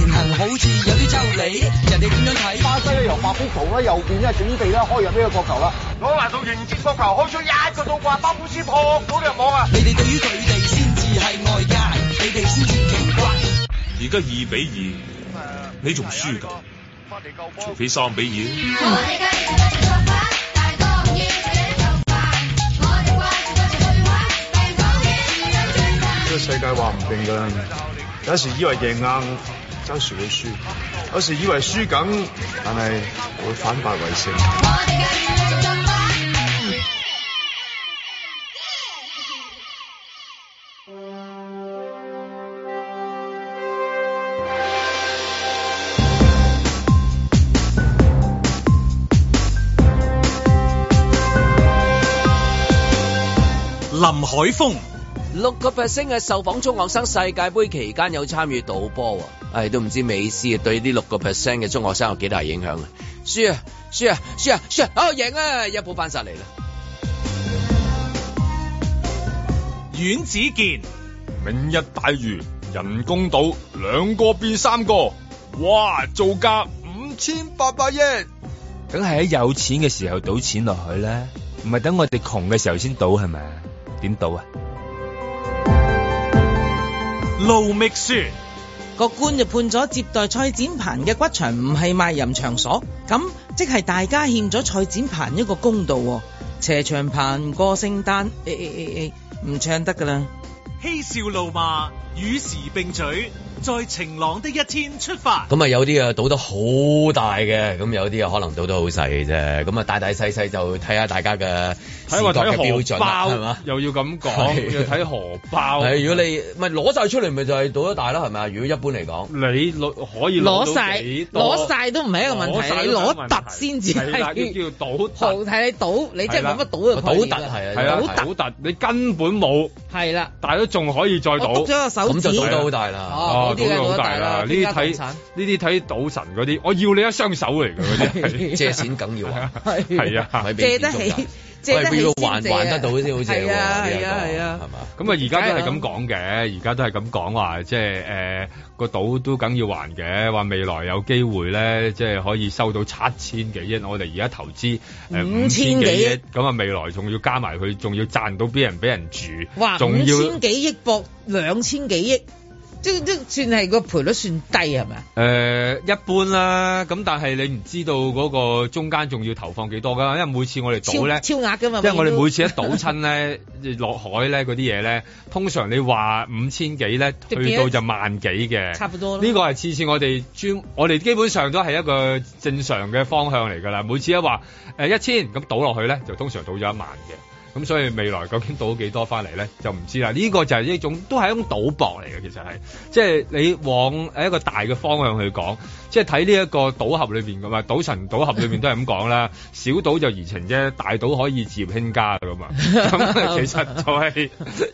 人好似有啲道理，人哋點樣睇？巴西咧由巴布托咧右邊咧準備啦，開入個國呢個角球啦，攞埋到迎接角球，開出一個倒掛巴布斯破嗰入網啊！你哋對於佢哋先至係外界，你哋先至奇怪。而家二比二，嗯，你仲輸㗎？除、啊、非三比二，嗯。呢個世界話唔定有有時會輸，有時以為輸緊，但係會反敗為勝。林海峰。六個 percent 嘅受訪中學生，世界盃期間有參與賭波啊、哎！唉，都唔知美斯對呢六個 percent 嘅中學生有幾大影響啊！輸啊！輸啊！輸啊！輸啊！好贏啊！贏一鋪翻晒嚟啦。阮子健明日，大嶼人工島兩個變三個，哇！造價五千八百億，梗係喺有錢嘅時候賭錢落去啦，唔係等我哋窮嘅時候先賭係咪？點賭啊？盧覓雪個官就判咗接待蔡展鵬嘅骨場唔係賣淫場所，咁即係大家欠咗蔡展鵬一個公道。斜長鵬過聖誕，誒誒誒誒，唔、欸欸、唱得噶啦！嬉笑怒罵，與時並舉。在晴朗的一天出發。咁啊，有啲啊賭得好大嘅，咁有啲啊可能賭得好細嘅啫。咁啊，大大細細就睇下大家嘅視覺嘅標準包，係嘛？又要咁講，又要睇荷包。如果你咪攞晒出嚟，咪就係賭得大咯，係咪啊？如果一般嚟講，你攞可以攞晒，攞晒都唔係一個問題，你攞特先至係要叫賭好睇。你賭，你即係冇乜賭啊，賭特係啊，賭特，你根本冇係啦。但係都仲可以再賭。咁就賭得好大啦。嗰個好大啦！呢啲睇，呢啲睇賭神嗰啲，我要你一雙手嚟嘅嗰啲，借錢梗要還，係啊，借得起即係要還，還得到先好借喎。係啊，係啊，係嘛？咁啊，而家都係咁講嘅，而家都係咁講話，即係誒個賭都梗要還嘅。話未來有機會咧，即係可以收到七千幾億，我哋而家投資誒五千幾億，咁啊未來仲要加埋佢，仲要賺到俾人俾人住，哇！仲要千幾億博兩千幾億。即即算係個賠率算低係咪？呃，一般啦，咁但係你唔知道嗰個中間仲要投放幾多噶，因為每次我哋賭咧，超額噶嘛，即係我哋每次一賭親咧， 落海咧嗰啲嘢咧，通常你話五千幾咧，去到就萬幾嘅，差唔多。呢個係次次我哋專，我哋基本上都係一個正常嘅方向嚟㗎啦。每次一話誒一千，咁賭落去咧，就通常賭咗一萬嘅。咁所以未來究竟賭幾多翻嚟咧，就唔知啦。呢、這個就係一種都係一種賭博嚟嘅，其實係即係你往誒一個大嘅方向去講，即係睇呢一個賭俠裏面㗎嘛，賭神賭俠裏面都係咁講啦。 小賭就怡情啫，大賭可以自業興家嘅嘛。咁 其實就係、是、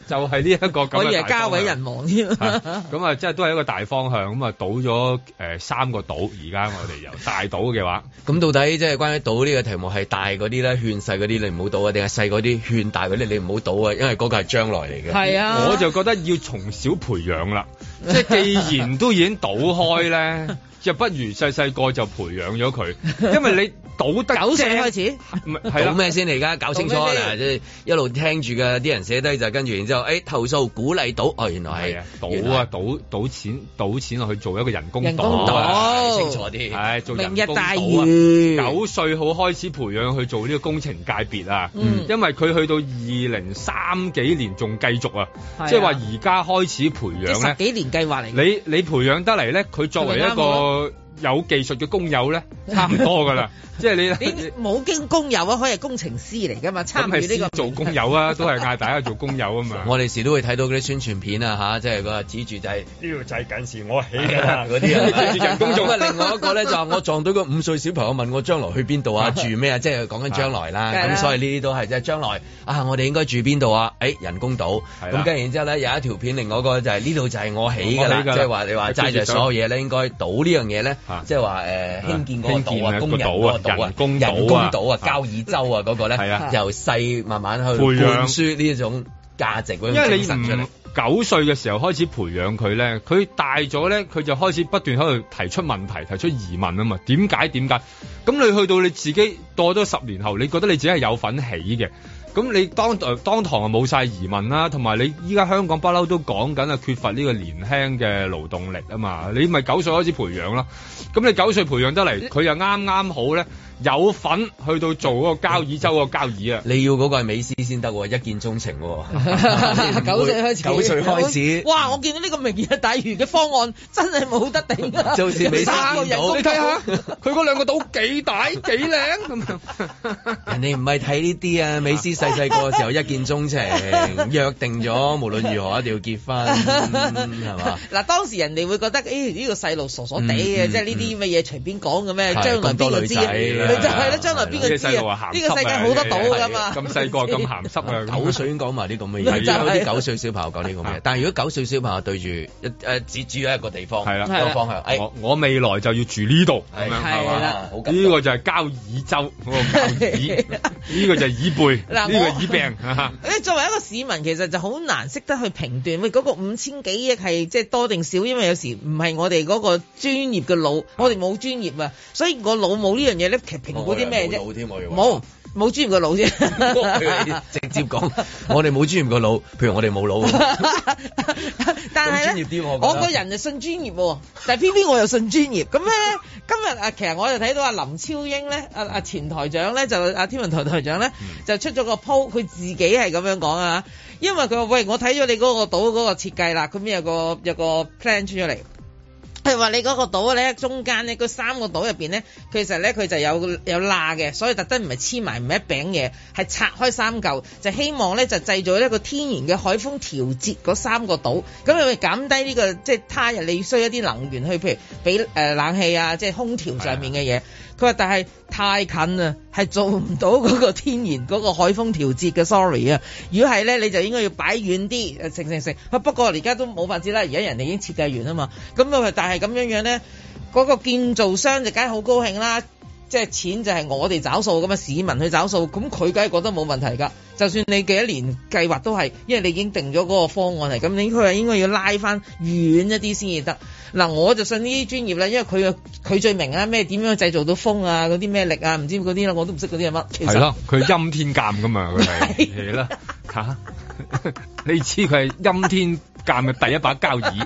就係呢一個咁。我以為家家毀人亡添。咁 啊，即係都係一個大方向。咁、嗯、啊，賭咗、呃、三個賭，而家我哋由大賭嘅話，咁 到底即係關於賭呢個題目係大嗰啲咧，勸世嗰啲你唔好賭啊，定係細嗰啲？勸大佢你你唔好賭啊，因為嗰個係將來嚟嘅。係是啊，我就覺得要從小培養啦。即係既然都已經賭開咧， 就不如細細個就培養咗佢，因為你。賭得九歲開始，賭咩先嚟？而家搞清楚啦，即係一路聽住嘅啲人寫低就跟住，然之後誒投訴鼓勵賭，哦原來係賭啊賭賭錢賭錢落去做一個人工賭，清楚啲。係做人工賭，九歲好開始培養去做呢個工程界別啊！因為佢去到二零三幾年仲繼續啊，即係話而家開始培養咧，十幾年計劃嚟。你你培養得嚟咧，佢作為一個。有技術嘅工友咧，差唔多噶啦，即係你冇經工友啊，可以係工程師嚟噶嘛？參與呢個做工友啊，都係嗌大家做工友啊嘛。我哋時都會睇到嗰啲宣傳片啊，吓，即係嗰個指住就係呢度就係近時我起㗎啦嗰啲。人工島啊，另外一個咧就我撞到個五歲小朋友問我將來去邊度啊？住咩啊？即係講緊將來啦。咁所以呢啲都係即係將來啊！我哋應該住邊度啊？誒，人工島。咁跟然之後咧有一條片，另外一個就係呢度就係我起㗎啦，即係話你話揸住所有嘢咧，應該賭呢樣嘢咧。即係話誒興建嗰個島啊，興建，工人嗰個島啊，人工島啊，交椅洲啊嗰個咧，由細慢慢去灌輸呢一種價值、啊、嗰種精神出嚟。因為你唔九歲嘅時候開始培養佢咧，佢大咗咧，佢就開始不斷喺度提出問題、提出疑問啊嘛。點解？點解？咁你去到你自己過咗十年後，你覺得你自己係有份起嘅。咁你當堂當堂啊冇晒疑問啦，同埋你依家，香港不嬲都講緊啊缺乏呢個年輕嘅勞動力啊嘛，你咪九歲開始培養咯，咁你九歲培養得嚟，佢又啱啱好咧。有份去到做嗰個交椅洲個交椅洲啊！你要嗰個係美斯先得喎，一見鍾情。九歲開始，九歲開始。哇！我見到呢個明日大嶼嘅方案真係冇得頂。就似美斯咁，你睇下佢嗰兩個島幾大幾靚，人哋唔係睇呢啲啊，美斯細細個嘅時候一見鍾情，約定咗，無論如何一定要結婚，係嘛？嗱，當時人哋會覺得誒呢個細路傻傻地嘅，即係呢啲乜嘢隨便講嘅咩？將來邊個知啊？就係咧，將來邊個知呢個世界好得到㗎嘛？咁細個咁鹹濕啊！九歲講埋呢咁嘅嘢，係啊，啲九歲小朋友講呢咁嘅嘢。但係如果九歲小朋友對住一只住喺一個地方，係啦，個方向，我我未來就要住呢度咁，係呢個就係交椅洲，呢個耳，呢個就係耳背，呢個耳病。作為一個市民，其實就好難識得去評斷喂嗰個五千幾億係即係多定少，因為有時唔係我哋嗰個專業嘅腦，我哋冇專業啊，所以我腦冇呢樣嘢咧。評估啲咩啫？冇冇專業個腦先，直接講，我哋冇專業個腦，譬如我哋冇腦。 但係咧，我個人就信專業，喎， 但係偏偏我又信專業。咁呢、 嗯，嗯、今日啊，其實我就睇到阿林超英呢，阿阿前台長呢，就阿天文台台長呢，就出咗個 po，佢自己係咁樣講啊，因為佢話：喂，我睇咗你嗰個島嗰個設計啦，佢邊有個有個 plan 出咗嚟。係話你嗰個島咧，中間咧，嗰三個島入邊咧，其實咧，佢就有有罅嘅，所以特登唔係黐埋，唔係一餅嘢，係拆開三嚿，就希望咧就製造一個天然嘅海風調節嗰三個島，咁會減低呢、這個即係他日你需要一啲能源去，譬如俾誒、呃、冷氣啊，即係空調上面嘅嘢。佢話：但係太近啦，係做唔到嗰個天然嗰個海風調節嘅，sorry 啊！如果係呢，你就應該要擺遠啲。成成成，不過而家都冇法子啦。而家人哋已經設計完啊嘛。但係噉樣樣呢，嗰個建造商就梗係好高興啦。即係錢就係我哋找數咁啊，市民去找數，咁佢梗係覺得冇問題㗎。就算你幾多年計劃都係，因為你已經定咗嗰個方案嚟，咁你佢應該要拉返遠一啲先至得。嗱，我就信呢啲專業啦，因為佢佢最明啊咩，點樣製造到風啊，嗰啲咩力啊，唔知嗰啲啦，我都唔識嗰啲係乜。係咯，佢陰天監㗎嘛，佢係啦，你知佢係陰天監嘅第一把交椅，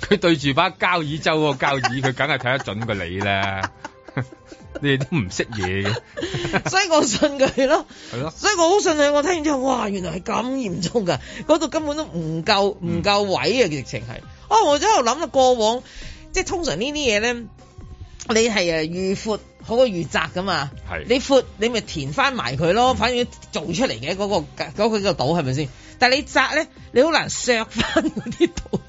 佢 對住把交椅周個交椅，佢梗係睇得準過你啦。 你哋都唔識嘢嘅，所以我信佢咯。係咯，所以我好信佢。我聽完之後，哇，原來係咁嚴重噶，嗰度根本都唔夠唔夠位啊！疫情係，我就喺度諗啦，過往即係通常呢啲嘢咧，你係誒預闊好過預窄噶嘛。係，你闊你咪填翻埋佢咯，反正做出嚟嘅嗰個嗰個、嗰個島係咪先？但係你窄咧，你好難削翻嗰啲島。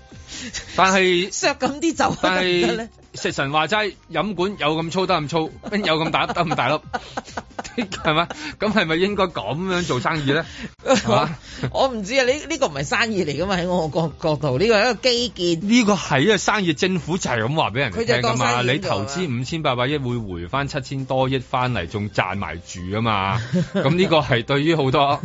但係是削咁啲就係食神話齋飲管有咁粗得咁粗，有咁大得咁大粒，係嘛？ 咁係咪應該咁樣做生意咧？我我唔知啊，呢呢、呢個唔係生意嚟噶嘛，喺我個角度呢、呢個係一個基建。呢個係一個生意，政府就係咁話俾人聽。佢就講生意嘛，你投資五千八百億會回翻七千多億翻嚟，仲賺埋住啊嘛！咁呢 個係對於好多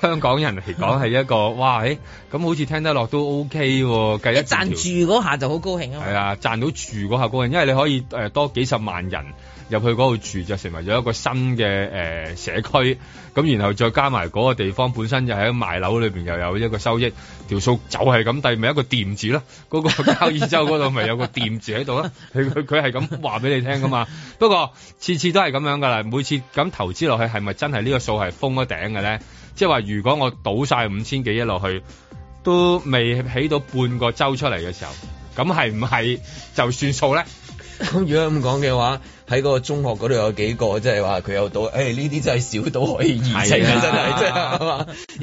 香港人嚟講係一個哇，咁、欸、好似聽得落都 OK 喎，計一,一賺住嗰下就好高興啊！係啊，賺到住嗰下。因為你可以誒，多幾十萬人入去嗰度住，就成為咗一個新嘅、誒、呃、社區，咁然後再加埋嗰個地方本身就喺賣樓裏邊又有一個收益，條、這個、數就係咁。第二咪一個店字咯，嗰、那個交椅洲嗰度咪有個店字喺度啦，佢佢係咁話俾你聽噶嘛不過次次都係咁樣噶啦每次咁投資落去係咪真係呢個數係封咗頂嘅咧？即係話如果我倒晒五千幾億落去，都未起到半個洲出嚟嘅時候。咁係唔係就算數咧？咁如果咁講嘅話。喺嗰個中學嗰度有幾個，即係話佢有賭，誒呢啲真係少到可以怡情啊！真係，是啊、真係，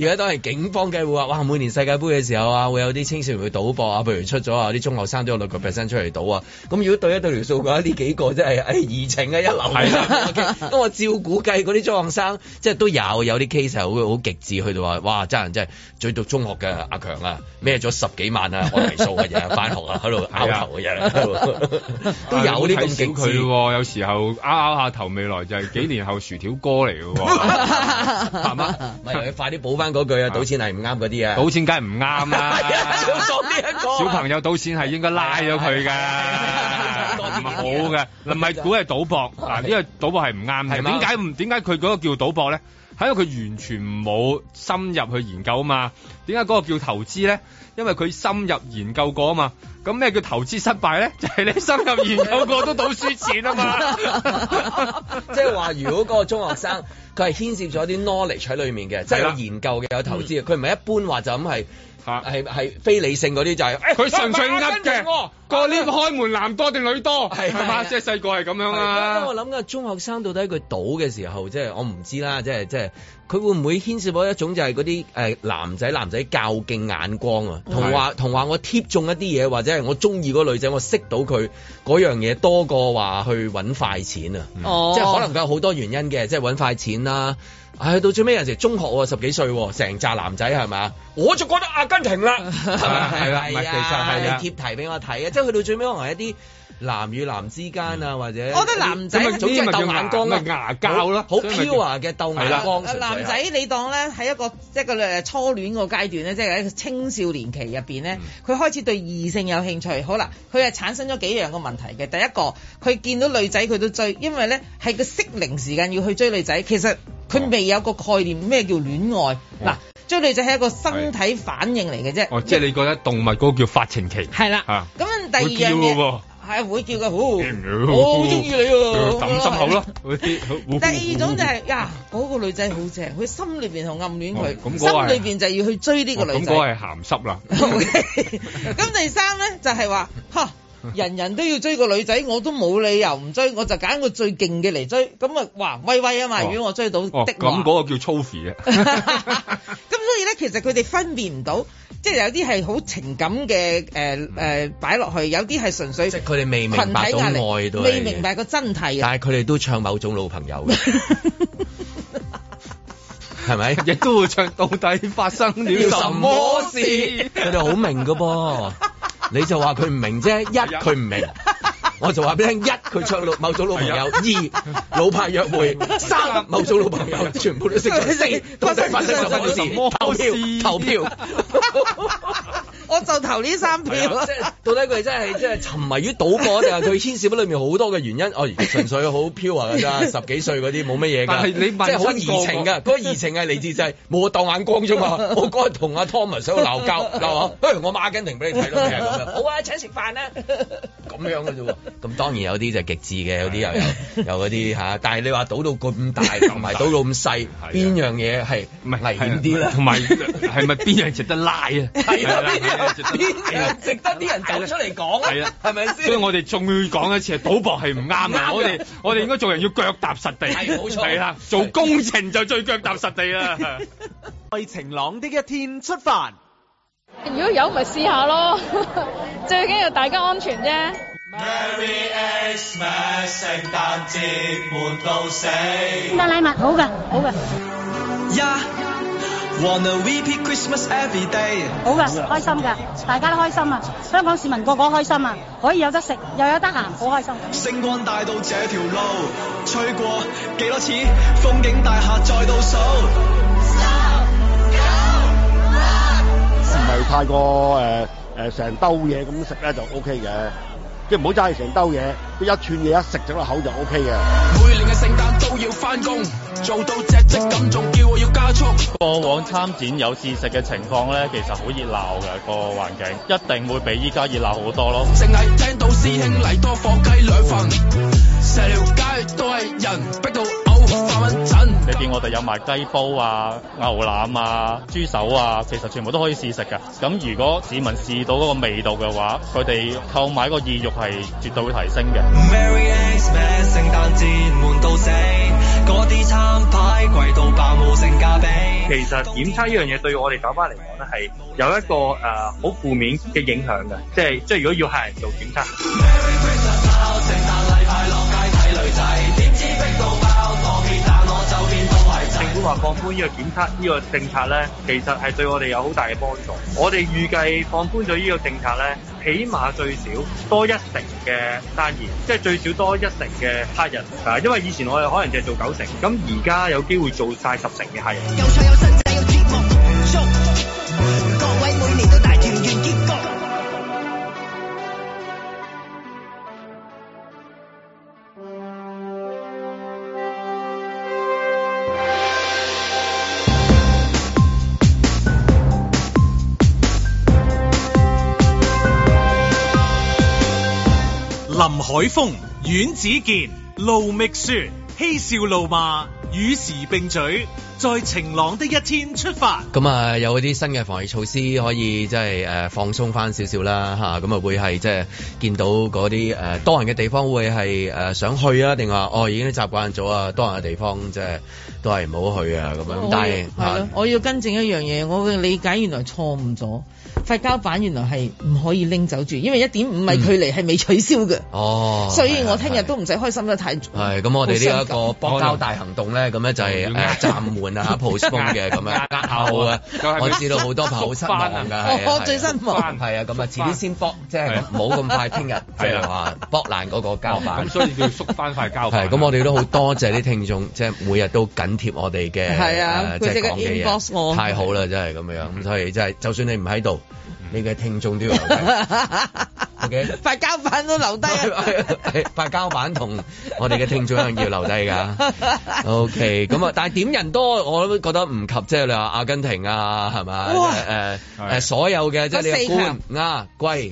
而家當然警方嘅會話，哇！每年世界盃嘅時候啊，會有啲青少年會賭博啊，譬如出咗啊，啲中學生都有六個 percent 出嚟賭啊。咁如果對一對條數嘅話，呢幾個真係誒怡情嘅、啊、一流。不過、啊、Okay, 照估計，嗰啲中學生即係都有有啲 case 係好好極致，去到話哇！真係真係最讀中學嘅阿強啊，孭咗十幾萬啊，外圍數嘅、啊、嘢，翻 學啊，喺度拗頭嘅嘢，都有啲咁極致喎。啊時候拗拗下頭，未來就係、是、幾年後的薯條哥嚟嘅喎，係嘛 嗎？咪你快啲補翻嗰句 賭賭啊！賭錢係唔啱嗰啲啊！賭錢梗係唔啱啊。小朋友賭錢係應該拉咗佢噶唔 好嘅嗱，唔係估係賭博，嗱， 因嗎為賭博係唔啱嘅，點解唔點解佢嗰個叫賭博咧？係因為佢完全冇深入去研究啊嘛，點解嗰個叫投資咧？因為佢深入研究過啊嘛，咁咩叫投資失敗咧？就係、是、你深入研究過都賭輸錢啊嘛，即係話如果嗰個中學生佢係牽涉咗啲 knowledge 喺裏面嘅，即、就、係、是、有研究嘅有投資嘅，佢唔係一般話就咁係。嚇係、啊、非理性嗰啲就係、是，佢、欸、純粹噏嘅。個 lift、啊啊啊、開門男多定女多？係啊，即係細個係咁樣啊。啊啊啊但我諗緊中學生到底佢賭嘅時候，即、就、係、是、我唔知啦，即係即係佢會唔會牽涉到一種就係嗰啲男仔男仔較勁眼光啊？啊同話同話我貼中一啲嘢，或者係我中意個女仔，我識到佢嗰樣嘢多過話去揾快錢啊。哦、嗯，即係可能佢有好多原因嘅，即係揾快錢啦、啊。唉、哎，到最尾有陣時中學喎，我十幾歲，成紮男仔係咪啊？我就覺得阿根廷啦，係啦， 唔係其實係你貼題俾我睇啊， 即係去到最尾可能一啲。男與男之間啊，或者我覺得男仔總之咪鬥眼光咪牙膠咯，好 pure 嘅鬥眼光。男仔你當咧喺一個即係個初戀個階段咧，即係喺青少年期入邊咧，佢開始對異性有興趣。好啦，佢係產生咗幾樣嘅問題嘅。第一個，佢見到女仔佢都追，因為咧係個適齡時間要去追女仔。其實佢未有個概念咩叫戀愛。嗱，追女仔係一個身體反應嚟嘅啫。哦，即係你覺得動物嗰個叫發情期。係啦。咁第二樣係會叫嘅，好、哦，我好中意你。抌心口咯。 第二種就係、是、呀，嗰、哎嗰個女仔好正，佢心裏邊同暗戀佢，哦嗯、心裏邊就要去追呢個女仔。咁係鹹濕啦。咁、嗯那個 嗯、第三咧就係、是、話，吓。人人都要追個女仔，我都冇理由唔追，我就揀個最勁嘅嚟追。咁啊，哇威威啊嘛，哦、如果我追到的，咁嗰、哦、個叫粗肥嘅。咁 所以咧，其實佢哋分辨唔到，即係有啲係好情感嘅，誒、呃、誒，擺、呃、落去；有啲係純粹，即係佢哋未明白到愛都嘅。未明白個真諦，但係佢哋都唱某種老朋友，係咪？亦都會唱到底發生了什麼事？佢哋好明㗎噃。你就話佢唔明啫，一佢唔明，的我就話俾你聽，一佢唱老某組老朋友，的二老派約會，的三的某組老朋友的全部都識咗，的四都識分身術，投票投票。的 我就投呢三票，即係到底佢真係即係沉迷於賭博，定係佢牽涉裏面好多嘅原因？哦，純粹好 pure 啊。噶咋，十幾歲嗰啲冇乜嘢㗎。你問你即係好怡情噶，嗰個怡情係嚟自就係冇我鬥眼光啫嘛。我嗰同阿 Tommy 鬧交，不如我馬阿根廷俾你睇咯，好啊，請食飯啦，咁樣噶啫。咁當然有啲就極極致嘅，有啲又有有嗰啲吓。但係你話賭到咁大，同埋賭到咁細，邊樣嘢係係危險啲同埋係咪邊樣值得拉啊？值得啲人走出嚟講啊，係咪先？所以我哋仲要講一次啊，賭博係唔啱嘅。我哋我哋應該做人要腳踏實地，冇錯，係啦，做工程就最腳踏實地啦。為晴朗的一天出發，如果有咪試下囉，最緊要大家安全啫。Merry Christmas！聖誕禮物好嘅，好嘅。Wanna repeat Christmas every day. 好噶，開心噶，大家都開心啊，香港市民個個開心啊，可以有得食，又有得行，好開心的。星光大道這條路，吹過幾多次，風景大廈再倒數。唔係太過誒誒，成兜嘢，咁食咧就 OK 嘅。即係唔好揸住成兜嘢，佢一串嘢一食整落口就 O K 嘅。每年嘅聖誕都要翻工，做到隻隻咁仲叫我要加速。過往參展有試食嘅情況咧，其實好熱鬧嘅個環境，一定會比依家熱鬧好多咯。淨係聽到師兄嚟，多火雞兩份，成條街都係人逼到。你見我哋有賣雞煲啊、牛腩啊、豬手啊，其實全部都可以試食嘅。咁如果市民試到嗰個味道嘅話，佢哋購買個意欲係絕對會提升嘅。其實檢測呢樣嘢對我哋酒吧嚟講咧係有一個誒好負面嘅影響嘅，即係即係如果要客人做檢測。話放寬呢個檢測呢個政策咧，其實係對我哋有好大嘅幫助。我哋預計放寬咗呢個政策咧，起碼最少多一成嘅生意，即係最少多一成嘅客人。係、啊，因為以前我哋可能淨係做九成，咁而家有機會做晒十成嘅客人。有林海峰、阮子健、盧覓雪、嬉笑怒罵，與時並舉，在晴朗的一天出發。咁啊，有嗰啲新嘅防疫措施，可以即係誒放鬆翻少少啦，吓咁啊，會係即係見到嗰啲誒多人嘅地方，會係誒想去啊，定話哦已經習慣咗啊，多人嘅地方即係都係唔好去啊咁樣。但係，係咯，我要更正一樣嘢，我嘅理解原來錯誤咗。塊膠板原來係唔可以拎走住，因為一點五米距離係未取消嘅。哦，所以我聽日都唔使開心得太係咁，我哋呢一個搏膠大行動咧，咁咧就係暫緩啊 postpone 嘅咁樣押後啊。我知道好多朋友失望㗎嚇，我最失望係啊，咁啊遲啲先搏，即係冇咁快聽日即係話搏爛嗰個膠板。咁所以叫縮翻塊膠板。係咁，我哋都好多謝啲聽眾，即係每日都緊貼我哋嘅係啊，即直接 inbox 我，太好啦，真係咁樣咁，所以即係就算你唔喺度。你嘅聽眾 Okay? 都留 都要留低 ，OK？發膠板都留低啊！發膠板同我哋嘅聽眾聽眾要留低噶。OK？咁啊，但係點人多，我都覺得唔及即係你話阿根廷啊，係咪？誒，誒，所有嘅即係你嘅官球啊，貴。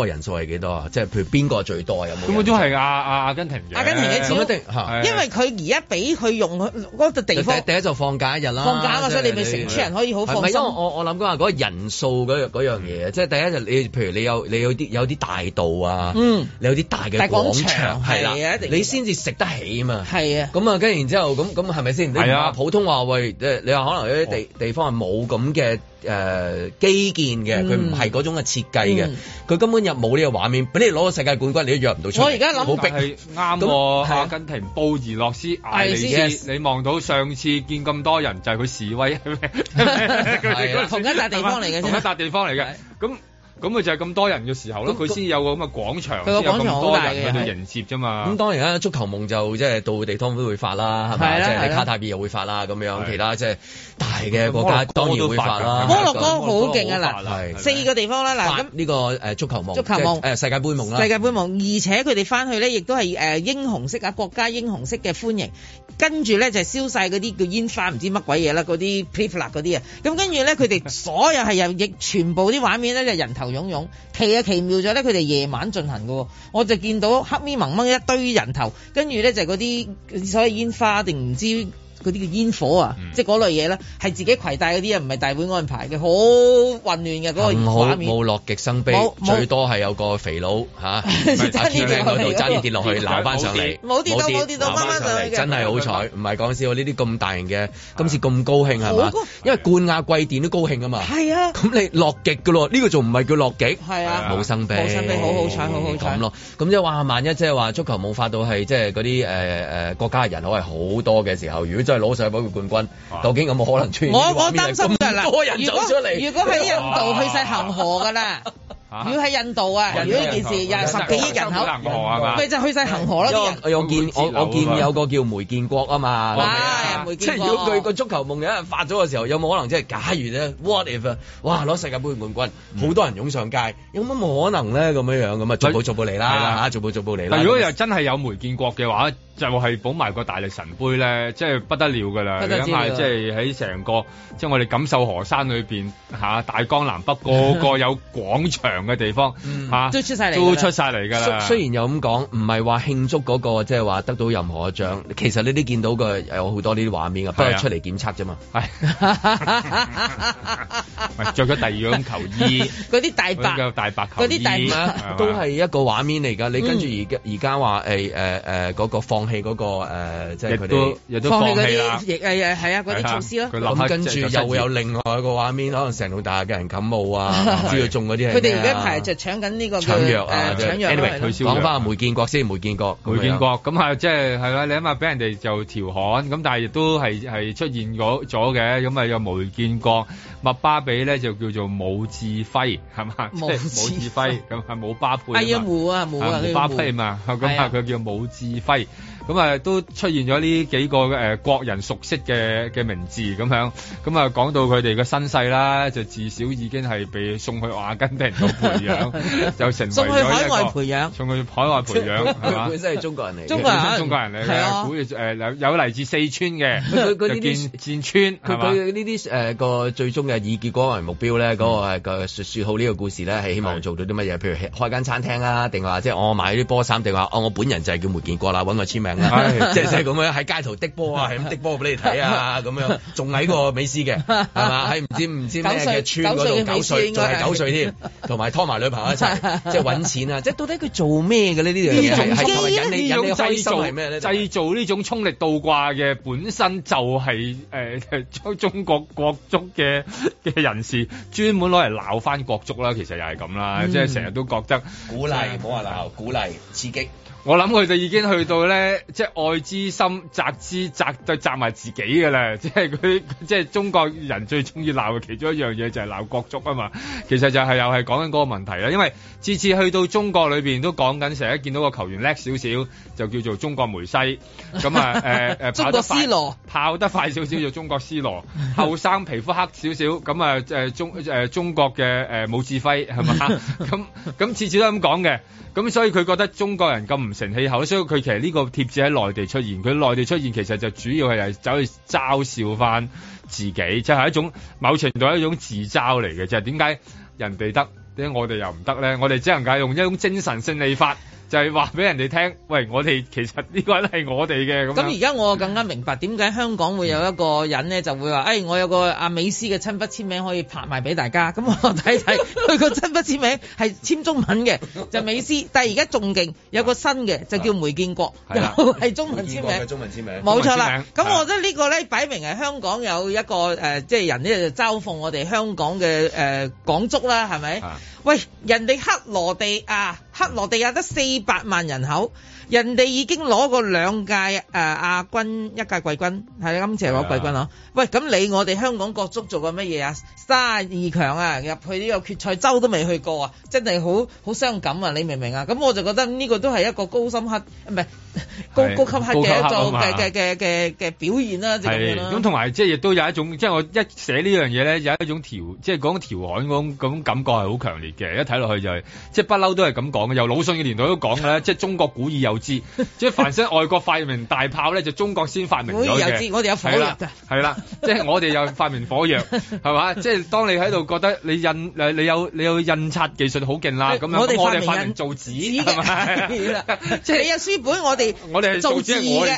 個人數係幾多啊？即係譬如邊個最多有冇？咁都係阿阿阿根廷，阿根廷嘅一定因為佢而家俾佢用嗰個地方，第一就放假一日啦，放假啊，所以你咪成千人可以好放心。我我諗講下嗰個人數嗰樣嘢，即係第一就你譬如你有你有啲有啲大道啊，嗯，你有啲大嘅廣場係啦，你先至食得起啊嘛，係啊，咁啊，跟然之後咁咁係咪先？你話普通話喂，誒，你話可能有啲地地方係冇咁嘅。誒、呃、基建嘅，佢唔係嗰種嘅設計嘅，佢、嗯、根本就冇呢個畫面。俾你攞個世界冠軍，你都約唔到出嚟。我而家諗，冇逼啱喎。阿都、啊、根廷、布宜諾斯艾利斯，I see, yes. 你望到上次見咁多人就係、是、佢示威，同一笪地方嚟嘅， 同一笪地方嚟嘅，咁是。咁佢就係咁多人嘅時候咧，佢先有個咁嘅廣場，佢個廣場好多人喺度迎接啫嘛。咁當然啦，足球夢就即係到地當都會發啦，係咪？即係喺卡塔爾又會發啦，咁樣其他即係大嘅國家當然會發啦。摩洛哥好勁啊！嗱，係四個地方啦。嗱咁呢個誒足球夢，足球夢世界盃夢啦，世界盃夢。而且佢哋翻去咧，亦都係誒英雄式啊，國家英雄式嘅歡迎。跟住咧就係燒曬嗰啲叫煙花，唔知乜鬼嘢啦，嗰啲 plea 嗰啲啊。咁跟住咧，佢哋所有係又亦全部啲畫面咧就人頭涌涌， 奇啊奇妙咗咧，佢哋夜晚進行嘅，我就見到黑咪蒙蒙一堆人頭，跟住咧就係嗰啲所謂煙花定唔知。嗰啲叫煙火啊，即係嗰類嘢咧，係自己攜帶嗰啲啊，唔係大會安排嘅，好混亂嘅嗰個畫面。冇樂極生悲，最多係有個肥佬嚇，天頂嗰度揸跌落去，攬翻上嚟。冇跌到，冇跌到，攬翻上嚟。真係好彩，唔係講笑。呢啲咁大型嘅，今次咁高興係嘛？因為冠亞季殿都高興啊嘛。係啊。咁你樂極嘅咯，呢個仲唔係叫樂極？係啊。冇生悲，冇生悲，好好彩，好好彩。咁咯，咁即係話，萬一即係話足球冇發到係即係嗰啲誒誒國家嘅人口係好多嘅時候，如果。都係攞世界盃冠軍，究竟有冇可能出現？我我擔心真噶啦，多人走出嚟。如果喺印度去晒恒河噶啦，如果喺印度啊！如果呢件事又係十幾億人口，咁咪就去晒恒河咯。我見我我見有個叫梅建國啊嘛，梅即係如果佢個足球夢有一日發咗嘅時候，有冇可能即係假如咧？What if？哇！攞世界盃冠軍，好多人湧上街，有冇可能咧？咁樣樣咁啊，逐步逐步嚟啦，逐步逐步嚟啦。如果又真係有梅建國嘅話，就係補埋個大力神杯咧，即係不得了喇，不得了喇，即係喺成個，即係我哋錦繡河山裏邊吓，大江南北個個有廣場嘅地方吓都出晒嚟，都出晒嚟喇，雖然有咁講唔係話慶祝個，即係話得到任何嘅獎，其實你都見到個有好多呢啲畫面啊，不過出嚟檢測啫嘛，係着咗第二樣球衣，啲大白球衣，大白球衣，都係一個畫面嚟噶，你跟住而家話誒誒誒個放。氣嗰個誒，即係佢哋啲係啊啲措施咯。咁跟住又會有另外一個畫面，可能成大嘅人感冒啊，中啲。佢哋而家就搶緊呢個搶藥。講翻梅建國先，梅建國，梅建國咁啊，即係係啦。你諗下俾人哋就調侃，咁但係亦都係係出現咗嘅。咁啊，有梅建國，麥巴比咧就叫做武志輝，係嘛，即係武志輝咁係武巴配。哎呀啊冇巴嘛。咁啊佢叫武志輝。咁啊，都出現咗呢幾個嘅誒國人熟悉嘅嘅名字咁樣，咁啊講到佢哋嘅身世啦，就至少已經係被送去阿根廷度培養，就成咗送去海外培養，送去海外培養係嘛？本身係中國人嚟，中國人中國人嚟嘅，古有嚟自四川嘅，佢佢呢啲漸漸村，佢佢呢啲誒個最終嘅以結果為目標咧，嗰個說說好呢個故事咧，係希望做到啲乜嘢？譬如開間餐廳啊，定話即係我買啲波衫，定話哦我本人就係叫梅建國啦，揾我簽名。即係，即係咁樣喺街頭滴波啊，係咁滴波俾你睇啊，咁樣仲矮過美斯嘅，係嘛？喺唔知唔知咩嘅村嗰度，九歲仲係九歲添，同埋拖埋女朋友一齊，即係搵錢啊！即係到底佢做咩嘅咧？呢樣嘢係同埋引你引你開心係咩咧？製造呢種沖力倒掛嘅，本身就係誒，中中國國足嘅嘅人士，專門攞嚟鬧翻國足啦。其實又係咁啦，即係成日都覺得鼓勵，唔好話鬧，鼓勵刺激。我諗佢就已經去到咧，即係愛之深責之責，就責埋自己噶啦。即係佢，即係中國人最中意鬧嘅其中一樣嘢就係鬧國足啊嘛。其實就係、是、又係講緊嗰個問題啦。因為次次去到中國裏邊都講緊，成日見到個球員叻少少，就叫做中國梅西。咁啊，誒、呃、誒，跑得快，跑得快少少就中國 C 羅，後生皮膚黑少少，咁啊、呃，中誒、呃、中國嘅誒武志輝係嘛？咁咁次次都係咁講嘅。咁所以佢覺得中國人咁成氣候，所以佢其實呢個貼子喺內地出現。佢內地出現其實就主要係嚟，走去嘲笑翻自己，即係一種某程度係一種自嘲嚟嘅，就係點解人哋得，點解我哋又唔得咧？我哋只能夠用一種精神勝利法。就係話俾人哋聽，喂，我哋其實呢個人係我哋嘅咁。咁而家我更加明白點解香港會有一個人咧就會話，誒、哎，我有個阿美斯嘅親筆簽名可以拍賣俾大家。咁我睇睇佢個親筆簽名係簽中文嘅，就是、美斯。 但而家仲勁，有個新嘅就叫梅建國，係中文簽名。中文簽名。冇錯啦。咁我覺得個呢個咧，擺明係香港有一個誒、呃，即係人呢就嘲諷我哋香港嘅誒、呃、港足啦，係咪？的喂，人哋克羅地亞啊！克羅地亞得四百萬人口，人哋已經攞過兩屆誒、呃、亞軍，一屆季軍，係啦，今次係攞季軍嗬、啊。Yeah. 喂，咁你我哋香港國足做過乜嘢啊？卅二強啊，入去呢個決賽周都未去過啊，真係好好傷感啊！你明唔明啊？咁我就覺得呢個都係一個高深黑，唔係。高高級黑嘅嘅嘅嘅嘅嘅表現啦，咁同埋即係亦都有一種，即係我一寫呢樣嘢咧，有一種調，即係講調侃嗰種感覺係好強烈嘅。一睇落去就係，即係不嬲都係咁講嘅，由魯迅嘅年代都講嘅咧，即係中國古已有之，即係凡係外國發明大炮咧，就中國先發明古已有之。我哋有火藥嘅，係啦，即係我哋又發明火藥，係嘛？即係當你喺度覺得你印你有你有印刷技術好勁啦，咁樣我哋發明造紙係嘛？即係你有書本，我我哋係做先嘅，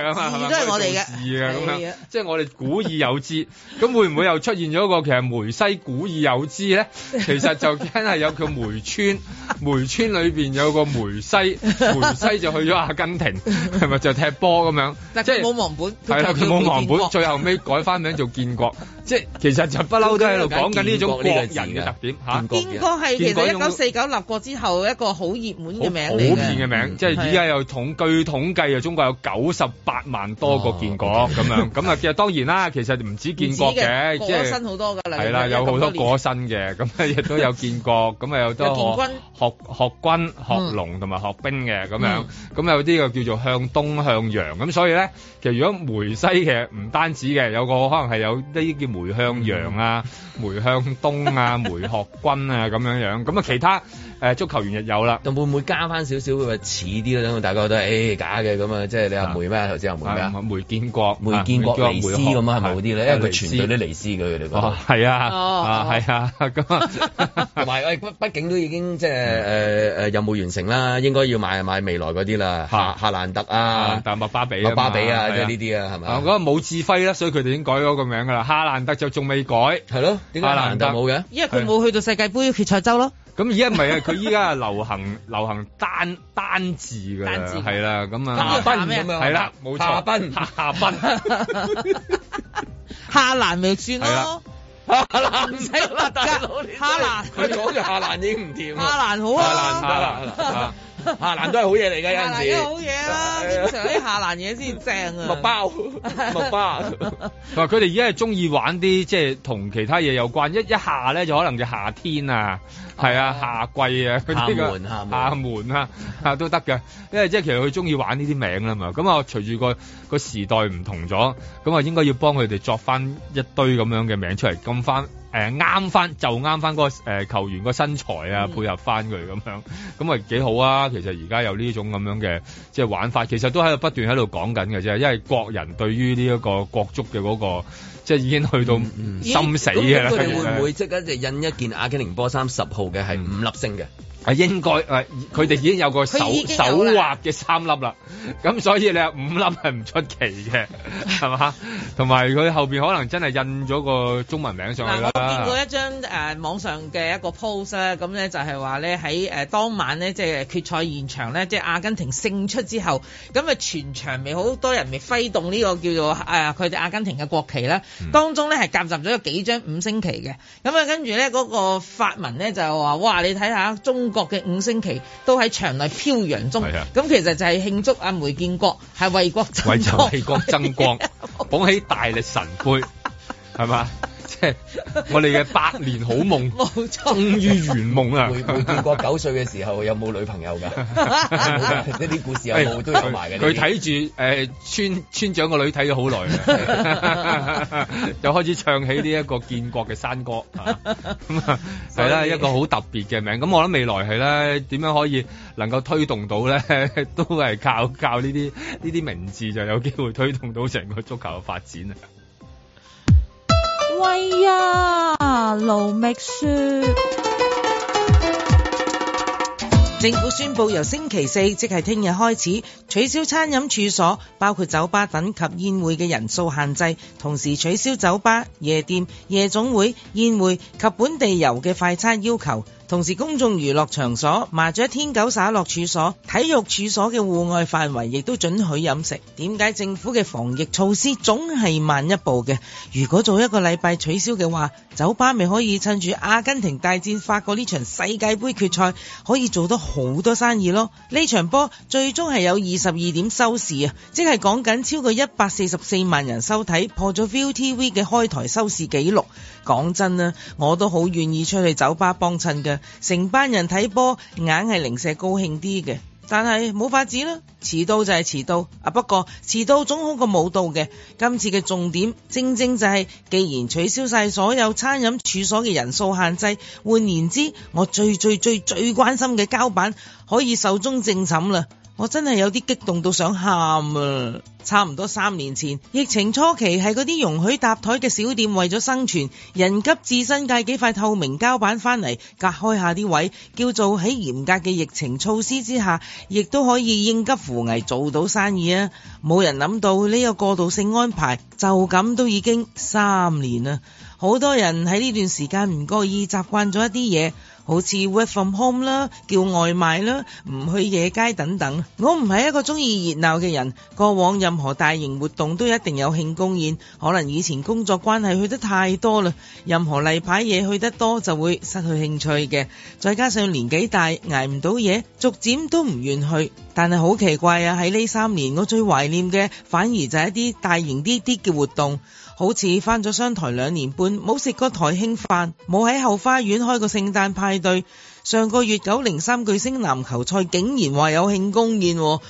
係咪？都係我哋嘅，字嘅咁樣，即係我哋古已有之。咁會唔會又出現咗一個其實梅西古已有之咧？其實就驚係有叫梅村，梅村裏邊有個梅西，梅西就去咗阿根廷，係咪就踢波咁樣？但係佢冇忘本，係啊，佢冇忘本，最後尾改翻名做建國。即係其實就不嬲都喺度講緊呢種國人嘅特點嚇。建國係其實一九四九立國之後一個好熱門嘅名，好普遍嘅名，即係而家有統據統計，又中國有九十八萬多個建國咁樣。咁啊，其實當然啦，其實唔止建國嘅，即係過身好多㗎啦。係啦，有好多過身嘅，咁亦都有建國咁啊，又都學學軍學龍同埋學兵嘅咁樣。咁有啲嘅叫做向東向陽咁，所以咧其實如果梅西其實唔單止嘅，有個可能係有呢啲叫梅。梅向陽啊，梅向東啊，梅學軍啊，咁樣樣，咁啊其他。誒足球員亦有啦，會唔會加翻少少會似啲咧？等大家覺得假嘅咁啊，即係你阿梅咩？頭先阿梅啊，梅建國、梅建國、梅斯咁啊，係咪好啲咧？因為佢傳隊啲尼斯佢哋講，係啊，係啊，咁啊，同埋誒畢竟都已經即係誒誒任務完成啦，應該要買買未來嗰啲啦，夏夏蘭特啊，但係麥巴比啊，麥巴比啊，即係呢啲啊，係咪？我覺得冇智輝啦，所以佢哋已經改咗個名噶啦，夏蘭特就仲未改，係咯，點解夏蘭特冇嘅，因為佢冇去到世界盃決賽周咯。咁而家唔係啊，佢依家啊流行流行單單字噶啦，係啦，咁啊夏彬咁樣，係啦，冇錯，夏彬夏彬夏蘭咪算咯，夏蘭唔識啦大佬，夏蘭佢講就夏蘭已經唔掂啦，夏蘭好啊。夏蘭都係好嘢嚟嘅，有陣時。夏蘭好嘢啦、啊，經、啊、常啲夏蘭嘢先正啊。木 包，木包。佢哋而家係中意玩啲即係同其他嘢有關，一一下咧就可能就夏天啊，係啊，啊，夏季啊，佢哋，嘅。廈門，啊， 都得嘅，因為即係其實佢中意玩呢啲名啊嘛。咁啊，隨住個個時代唔同咗，咁啊應該要幫佢哋作翻一堆咁樣嘅名出嚟，咁翻。誒，啱翻，呃，就啱翻，那個誒，呃，球員個身材啊，配合翻佢咁樣，咁啊幾好啊！其實而家有呢種咁樣嘅即係玩法，其實都喺度不斷喺度講緊嘅啫，因為國人對於呢一個國足嘅嗰個即係已經去到心死嘅啦。咁佢哋會唔會即刻就印一件阿根廷波衫十號嘅係五粒星嘅？嗯係應該，誒佢哋已經有個手手畫嘅三粒啦，咁所以你話五粒係唔出奇嘅，係嘛？同埋佢後邊可能真係印咗個中文名上去啦。我見過一張誒網上嘅一個 post 咧，咁咧就係話咧喺誒當晚咧，即係決賽現場咧，即係阿根廷勝出之後，咁啊全場未好多人未揮動呢個叫做誒佢哋阿根廷嘅國旗啦，當中咧係夾雜咗有幾張五星旗嘅，咁啊跟住咧嗰個發文咧就話：哇！你睇下中國。嘅五星期都喺場內飄揚中，咁的其實就係慶祝阿梅建國係為國為為國爭光， 捧起大力神杯，係嘛？ 我哋嘅百年好夢，終於圓夢啊！回，見過九歲嘅時候 有冇女朋友㗎？呢啲 故事有冇 都有埋嘅。佢睇住誒村、村長個女睇咗好耐， 就開始唱起呢一個建國嘅山歌。係啦，一個好特別嘅名。咁我諗未來係咧點樣可以能夠推動到咧， 都係靠、靠呢啲呢啲名字就有機會推動到成個足球嘅發展啊！喂、哎、呀，盧蜜雪。政府宣布由星期四即係聽日開始，取消餐飲處所，包括酒吧等及宴會嘅人數限制，同時取消酒吧、夜店、夜總會、宴會及本地遊嘅快餐要求。同時，公眾娛樂場所、麻雀、天狗耍樂處所、體育處所嘅戶外範圍亦都准許飲食。點解政府嘅防疫措施總係慢一步嘅？如果做一個禮拜取消嘅話，酒吧咪可以趁住阿根廷大戰法國呢場世界盃決賽，可以做到好多生意咯？呢場波最終係有二十二點收視啊，即係講緊超過一百四十四萬人收睇，破咗 ViuTV 嘅開台收視紀錄。講真啊，我都好願意出去酒吧幫襯嘅，成班人睇波，硬係零舍高興啲嘅。但係冇法子啦，遲到就係遲到啊！不過遲到總好過冇到嘅。今次嘅重點正正就係、是，既然取消晒所有餐飲處所嘅人數限制，換言之，我最最最最關心嘅膠板可以壽終正寢啦。我真係有啲激動到想喊啊！差唔多三年前，疫情初期係嗰啲容許搭台嘅小店，為咗生存，人急自身界幾塊透明膠板翻嚟隔開下啲位，叫做喺嚴格嘅疫情措施之下，亦都可以應急扶危做到生意啊！冇人諗到呢個過渡性安排就咁都已經三年啦，好多人喺呢段時間唔覺意習慣咗一啲嘢。好似 work from home 啦，叫外賣啦，唔去夜街等等。我唔係一個中意熱鬧嘅人，過往任何大型活動都一定有慶功宴。可能以前工作關係去得太多啦，任何例牌嘢去得多就會失去興趣嘅。再加上年紀大，捱唔到嘢，逐漸都唔願去。但係好奇怪啊，喺呢三年我最懷念嘅反而就係一啲大型啲啲嘅活動。好似返咗商台兩年半，冇食過台慶飯，冇喺後花園開過聖誕派對。上個月九零三巨星籃球賽竟然話有慶功宴，高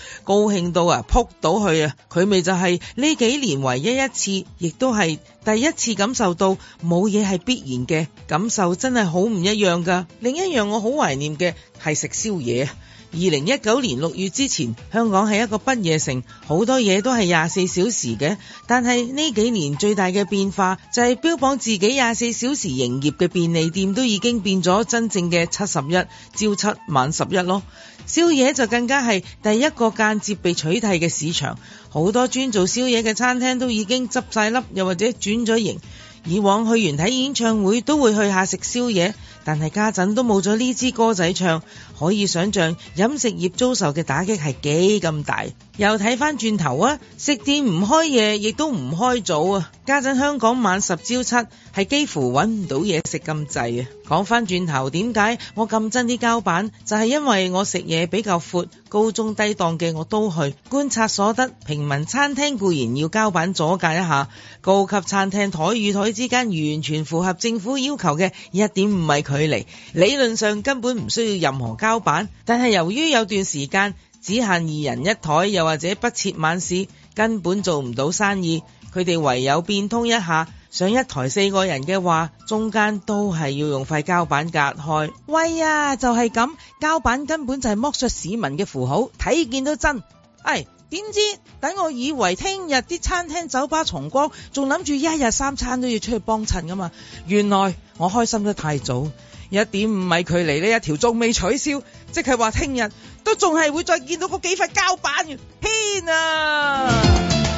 興到啊，撲到去啊！佢咪就係、是、呢幾年唯一一次，亦都係第一次感受到冇嘢係必然嘅感受，真係好唔一樣噶。另一樣我好懷念嘅係食宵夜。二零一九年六月之前，香港係一個不夜城，好多嘢都係廿四小時嘅。但係呢幾年最大嘅變化就係標榜自己廿四小時營業嘅便利店都已經變咗真正嘅七十一朝七晚十一咯。宵夜就更加係第一個間接被取代嘅市場，好多專做宵夜嘅餐廳都已經執曬笠，又或者轉咗型。以往去完睇演唱會都會去下食宵夜。但係家陣都冇咗呢支歌仔唱，可以想象，飲食業遭受嘅打擊係幾咁大。又睇翻轉頭啊，食店唔開夜，亦都唔開早啊。家陣香港晚十朝七，係幾乎揾唔到嘢食咁滯啊！講翻轉頭，點解我咁憎啲膠板？就係因為我食嘢比較闊，高中低檔嘅我都去觀察所得。平民餐廳固然要膠板阻隔一下，高級餐廳台與台之間完全符合政府要求嘅一點五米距離，理論上根本唔需要任何膠板。但係由於有段時間只限二人一枱，又或者不設晚市，根本做唔到生意，佢哋唯有變通一下。上一台四個人嘅話，中間都係要用塊膠板隔開。喂呀，就係咁，膠板根本就係剝削市民嘅符號，睇見都憎，哎，點知等我以為聽日啲餐廳酒吧重光，仲諗住一日三餐都要出去幫襯噶嘛？原來我開心得太早，一點五米距離呢一條仲未取消，即係話聽日都仲係會再見到嗰幾塊膠板。天啊！